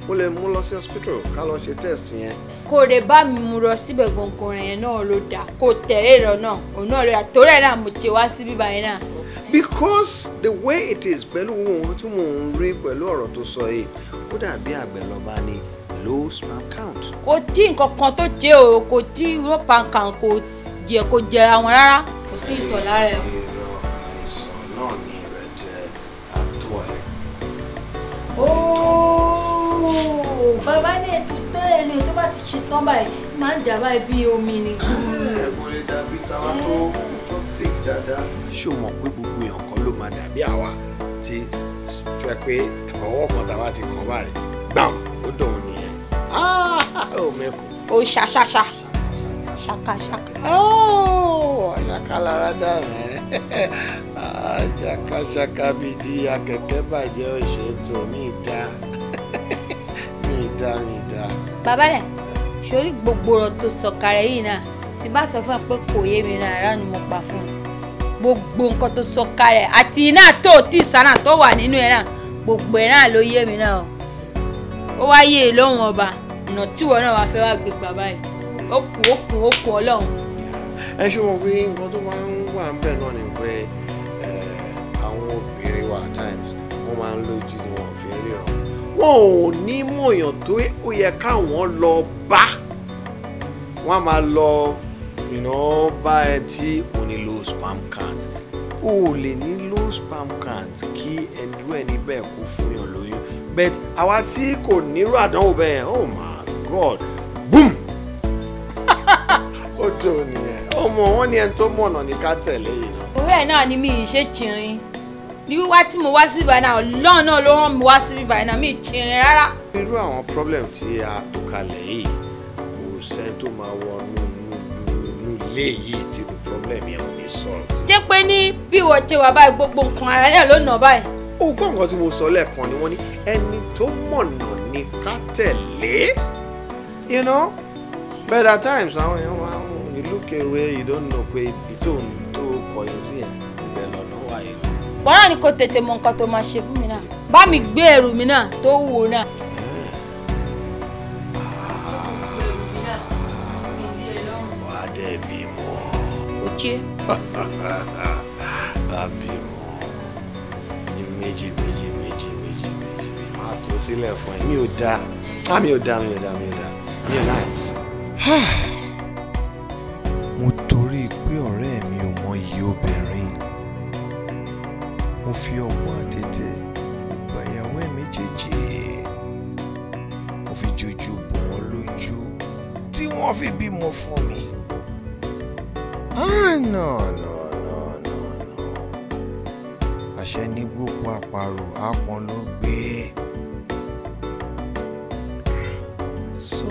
Speaker 4: mo lè mú lọ sí hospital ká lọ ṣe test yẹn
Speaker 2: kó o bá mi mu lọ síbẹ̀ gbọ̀ngàn yẹn náà ló dáa kó o tẹ̀lé lọ náà òun náà ló dáa torí náà mo jẹ wá sí bíbá yẹn náà.
Speaker 4: because the way it is pẹ̀lú ohun tí mò ń rí pẹ̀lú ọ̀rọ̀ tó sọ yìí ó dàbí àgbẹ̀lọba ni low sperm count.
Speaker 2: kò tí nǹkan kan tó jẹ́ o kò tí low sperm count kò yẹ kó jẹra wọn rárá kò sí ìsọ̀ lára ẹ̀. èrò
Speaker 4: àìsàn náà ni ìrẹ̀jẹ̀ àtọ̀ ẹ̀.
Speaker 2: ooo bàbá ní ètò tẹ́lẹ̀ ni tó bá ti ṣe tán báyìí máa ń dà báyìí bí omi
Speaker 5: ni. ẹ
Speaker 4: kò lè dàbí tàwa tó tó sick dáadáa. ṣé o mọ̀ pé gbogbo èèyàn kan ló máa dàbí àwa tí fẹ́ pé ọwọ́ kan tàwa ti kàn báyìí gbàm ó
Speaker 2: dùn nìyẹn. Ah, ó mẹ́kù. ó ṣàṣàṣà
Speaker 5: ṣàkàṣàkà. àṣàkà
Speaker 4: lára dà rẹ̀ àṣàkàṣàkà ah, bíi di akẹ̀kẹ́ bàjẹ́ òṣètò mi dáa dá mi dá.
Speaker 2: bàbá rẹ̀ sórí gbogbo ọ̀rọ̀ tó sọ̀kalẹ̀ yìí náà tí bá sọ fún ẹ pé kò yé mi náà ránù mo pa fún un gbogbo nǹkan tó sọ̀kalẹ̀ àti iná tó tí sánà tó wà nínú ẹ náà gbogbo ẹ náà ló yé mi náà ó wá yé e lóhùn ọba ọ̀nà tíwọ́ náà wàá fẹ́ wá gbé bàbá yìí ó kù ó kù ó
Speaker 4: kù ọlọ́run. ẹ ṣe mọ̀ pé nǹkan tó máa ń wà ń bẹ̀ náà ni pé àwọn obìnrin wa at times wọ́n máa ń lójú ni wọ́n fi ń ríran pọ̀ ò ní mọ̀yàn tó ó yẹ káwọn lọ bá wọ́n á máa lọ bá ẹ tí o ní low sperm count o lè ní low sperm count kí ẹnirú ẹni bẹ́ẹ̀ kó fún yàn lóyún but àwa tí kò nírú àdánwò bẹ́ẹ̀ oh my god boom ó dùn nìyẹn ọmọ wọn ni ẹni tó mọ̀nà ní ká tẹ̀lé yìí.
Speaker 2: òwe ẹ̀ náà ni mi ì ṣe chirin bí wíwá tí mo wá síbí báyìí náà ọlọ́run náà ló rán mi wá síbí báyìí náà mi ì jìnrìn rárá.
Speaker 4: irú àwọn problem tí a tó kalẹ̀ yìí kò sẹ́ni tó máa wọnú inú ilé yìí tí irú problem yẹn kò ní sọ̀rọ̀.
Speaker 2: jẹ́ pé ní bí ìwọ ṣe wà báyìí gbogbo nǹkan ara náà ló nà
Speaker 4: báyìí. ogún nǹkan tí mo sọ lẹ́ẹ̀kan ni wọ́n ní ẹni tó mọ̀nà ni ká tẹ̀lé you know better times àwọn èèyàn máa ń you look away you don't know pé ìtòǹtò kọ̀yìn sí ìbẹ̀lọ̀ náà wáyé lọ
Speaker 2: bọ́rọ̀ ni kò tètè mọ nǹkan tó máa ṣe fún mi náà bá mi gbé ẹrù mi náà tó wúwo náà.
Speaker 4: adé bí mo. oche. àbí mo ní méjì méjì méjì méjì méjì máa tó sílẹ̀ fún ẹ mi ò dáa ah, mi ò dáa mi ò dáa mi ò dáa mi ò náà. wọ́n fi bímọ fún mi.
Speaker 3: ah no no no no no
Speaker 4: àṣẹ ní gbogbo àparò àpọn ló gbé. so.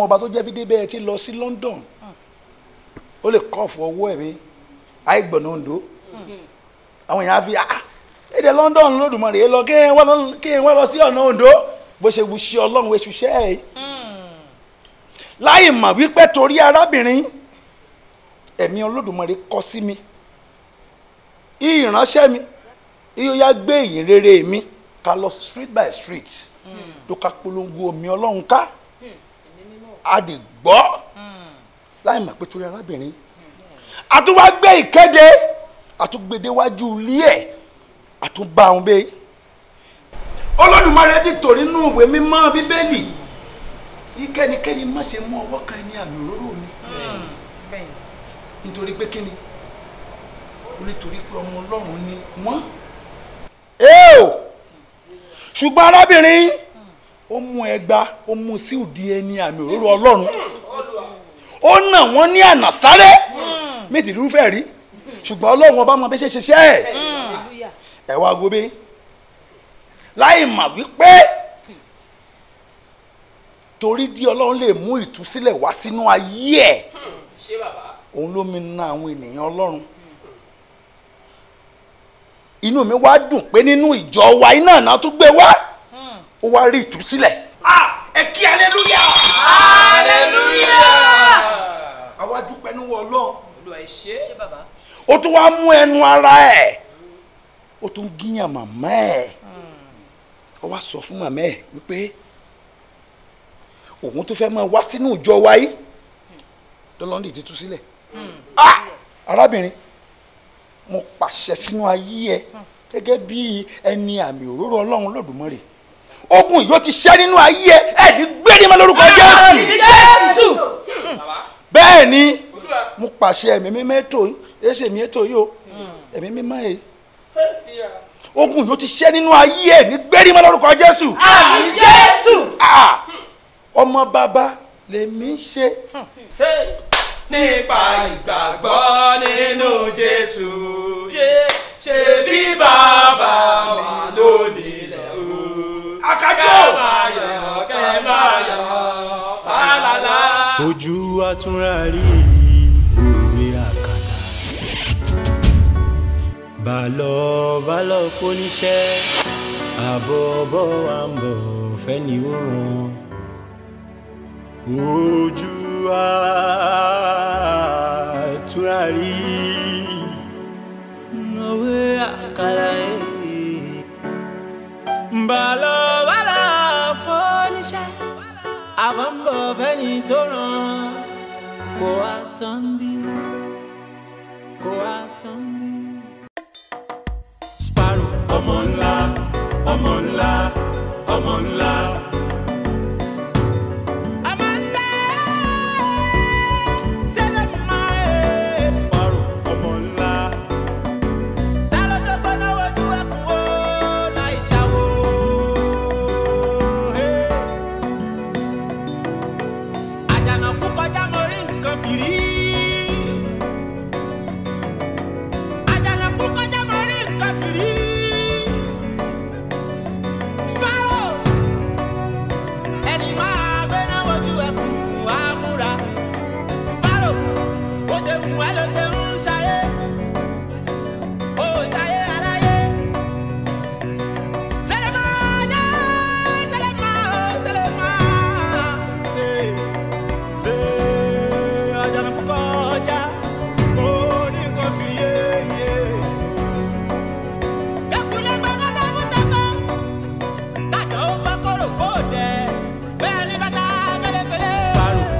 Speaker 4: ọlọ́run ọba tó jẹ́ bí débẹ̀ ti lọ sí London ó lè kọ́ọ̀fù ọwọ́ ẹ̀ mi àìgbọ̀nà òǹdó àwọn èèyàn á fi ah èdè London lódùmarè é lọ kí n wá lọ sí ọ̀nà òǹdó bó ṣe wuṣẹ́ ọlọ́run eṣuṣẹ́ ẹ̀ láì mọ̀ wípé torí arábìnrin ẹ̀mí olódùmarè kọ sí mi ìránṣẹ́ mi ìyóyá gbé ìyìn rere mi ká lọ street by street tó ká polongo omi ọlọ́run ká. Mm a dì gbọ́ láì mọ̀ pé torí arábìnrin àtúwá gbé ìkéde àtúgbèdéwájú ilé ẹ̀ àtúbà àwọn bẹ́ẹ̀. olódùmarè ti tò nínú ìwé mímọ́ bíbélì yí kẹ́nikẹ́ni má ṣe mú ọwọ́ kan ní àmì òróró mi nítorí pé kí ni nítorí pé ọmọ ọlọ́run ni wọ́n. ṣùgbọ́n arábìnrin ó mú ẹgbá ó mú síùdí ẹni àmì òróró ọlọ́run ó nà wọ́n ní ànàsáré méjì lúfẹ́ rí ṣùgbọ́n ọlọ́run ọba mọ bí ṣe ṣiṣẹ́ ẹ̀ ẹ̀ wá gobe láì mà wípé torí dí ọlọ́run lè mú ìtúsílẹ̀ wá sínú ayé ẹ̀ òun ló mi na àwọn ènìyàn ọlọ́run inú mi wá dùn pé nínú ìjọ wa iná náà tún gbé wá ó wá rí ìtúsílẹ̀. ẹ kí aleluya. aleluya. àwa dúpẹ́ níwọ̀ ọlọ́run. olúwa ẹ ṣé. ṣé bàbá. ó tún wá mú ẹnu ara ẹ̀ ó tún gíyàn màmá ẹ̀ ó wá sọ fún màmá ẹ̀ wípé òun tó fẹ́ máa wá sínú ìjọ wa yìí ti tú sílẹ̀ hmm. ah! arábìnrin mo pàṣẹ sínú
Speaker 3: ayé ẹ gẹ́gẹ́ bí ẹni àmì òróró ọlọ́run lódùmarè ogun yóò ti ṣẹ́ nínú ayé ẹ ẹ ní gbérí mọ́ lórúkọ Jésù bẹ́ẹ̀
Speaker 4: ni mo pàṣẹ ẹ̀mí mímọ́ ètò yìí èsì èmi ètò yìí o ẹ̀mí mímọ́ èyí ogun yóò ti ṣẹ́ nínú ayé ẹ ní gbérí mọ́ lórúkọ Jésù àmín Jésù ah, ọmọ bàbá lèmi ń ṣe nípa ìgbàgbọ́ nínú Jésù ṣe
Speaker 5: bí bàbá wa
Speaker 1: lónìí
Speaker 5: àkájọ. kẹ́ máa
Speaker 1: yọ̀ kẹ́ máa yọ̀ fàlàlà. ojú àtúnra rí òwe àkàlà. bàlọ́ bàlọ́ fóníṣẹ́ àbọ̀ bọ̀ wà ń bọ̀ fẹ́ni ó ràn. ojú àtúnra rí òwe àkàlà bàlọ́bàlà fọ́níṣẹ́ àbọ̀nbọ̀ fẹ́ni tó ràn ko wá tán bí kó wá tán bí. Sparrow ọmọ ńlá ọmọ ńlá ọmọ ńlá.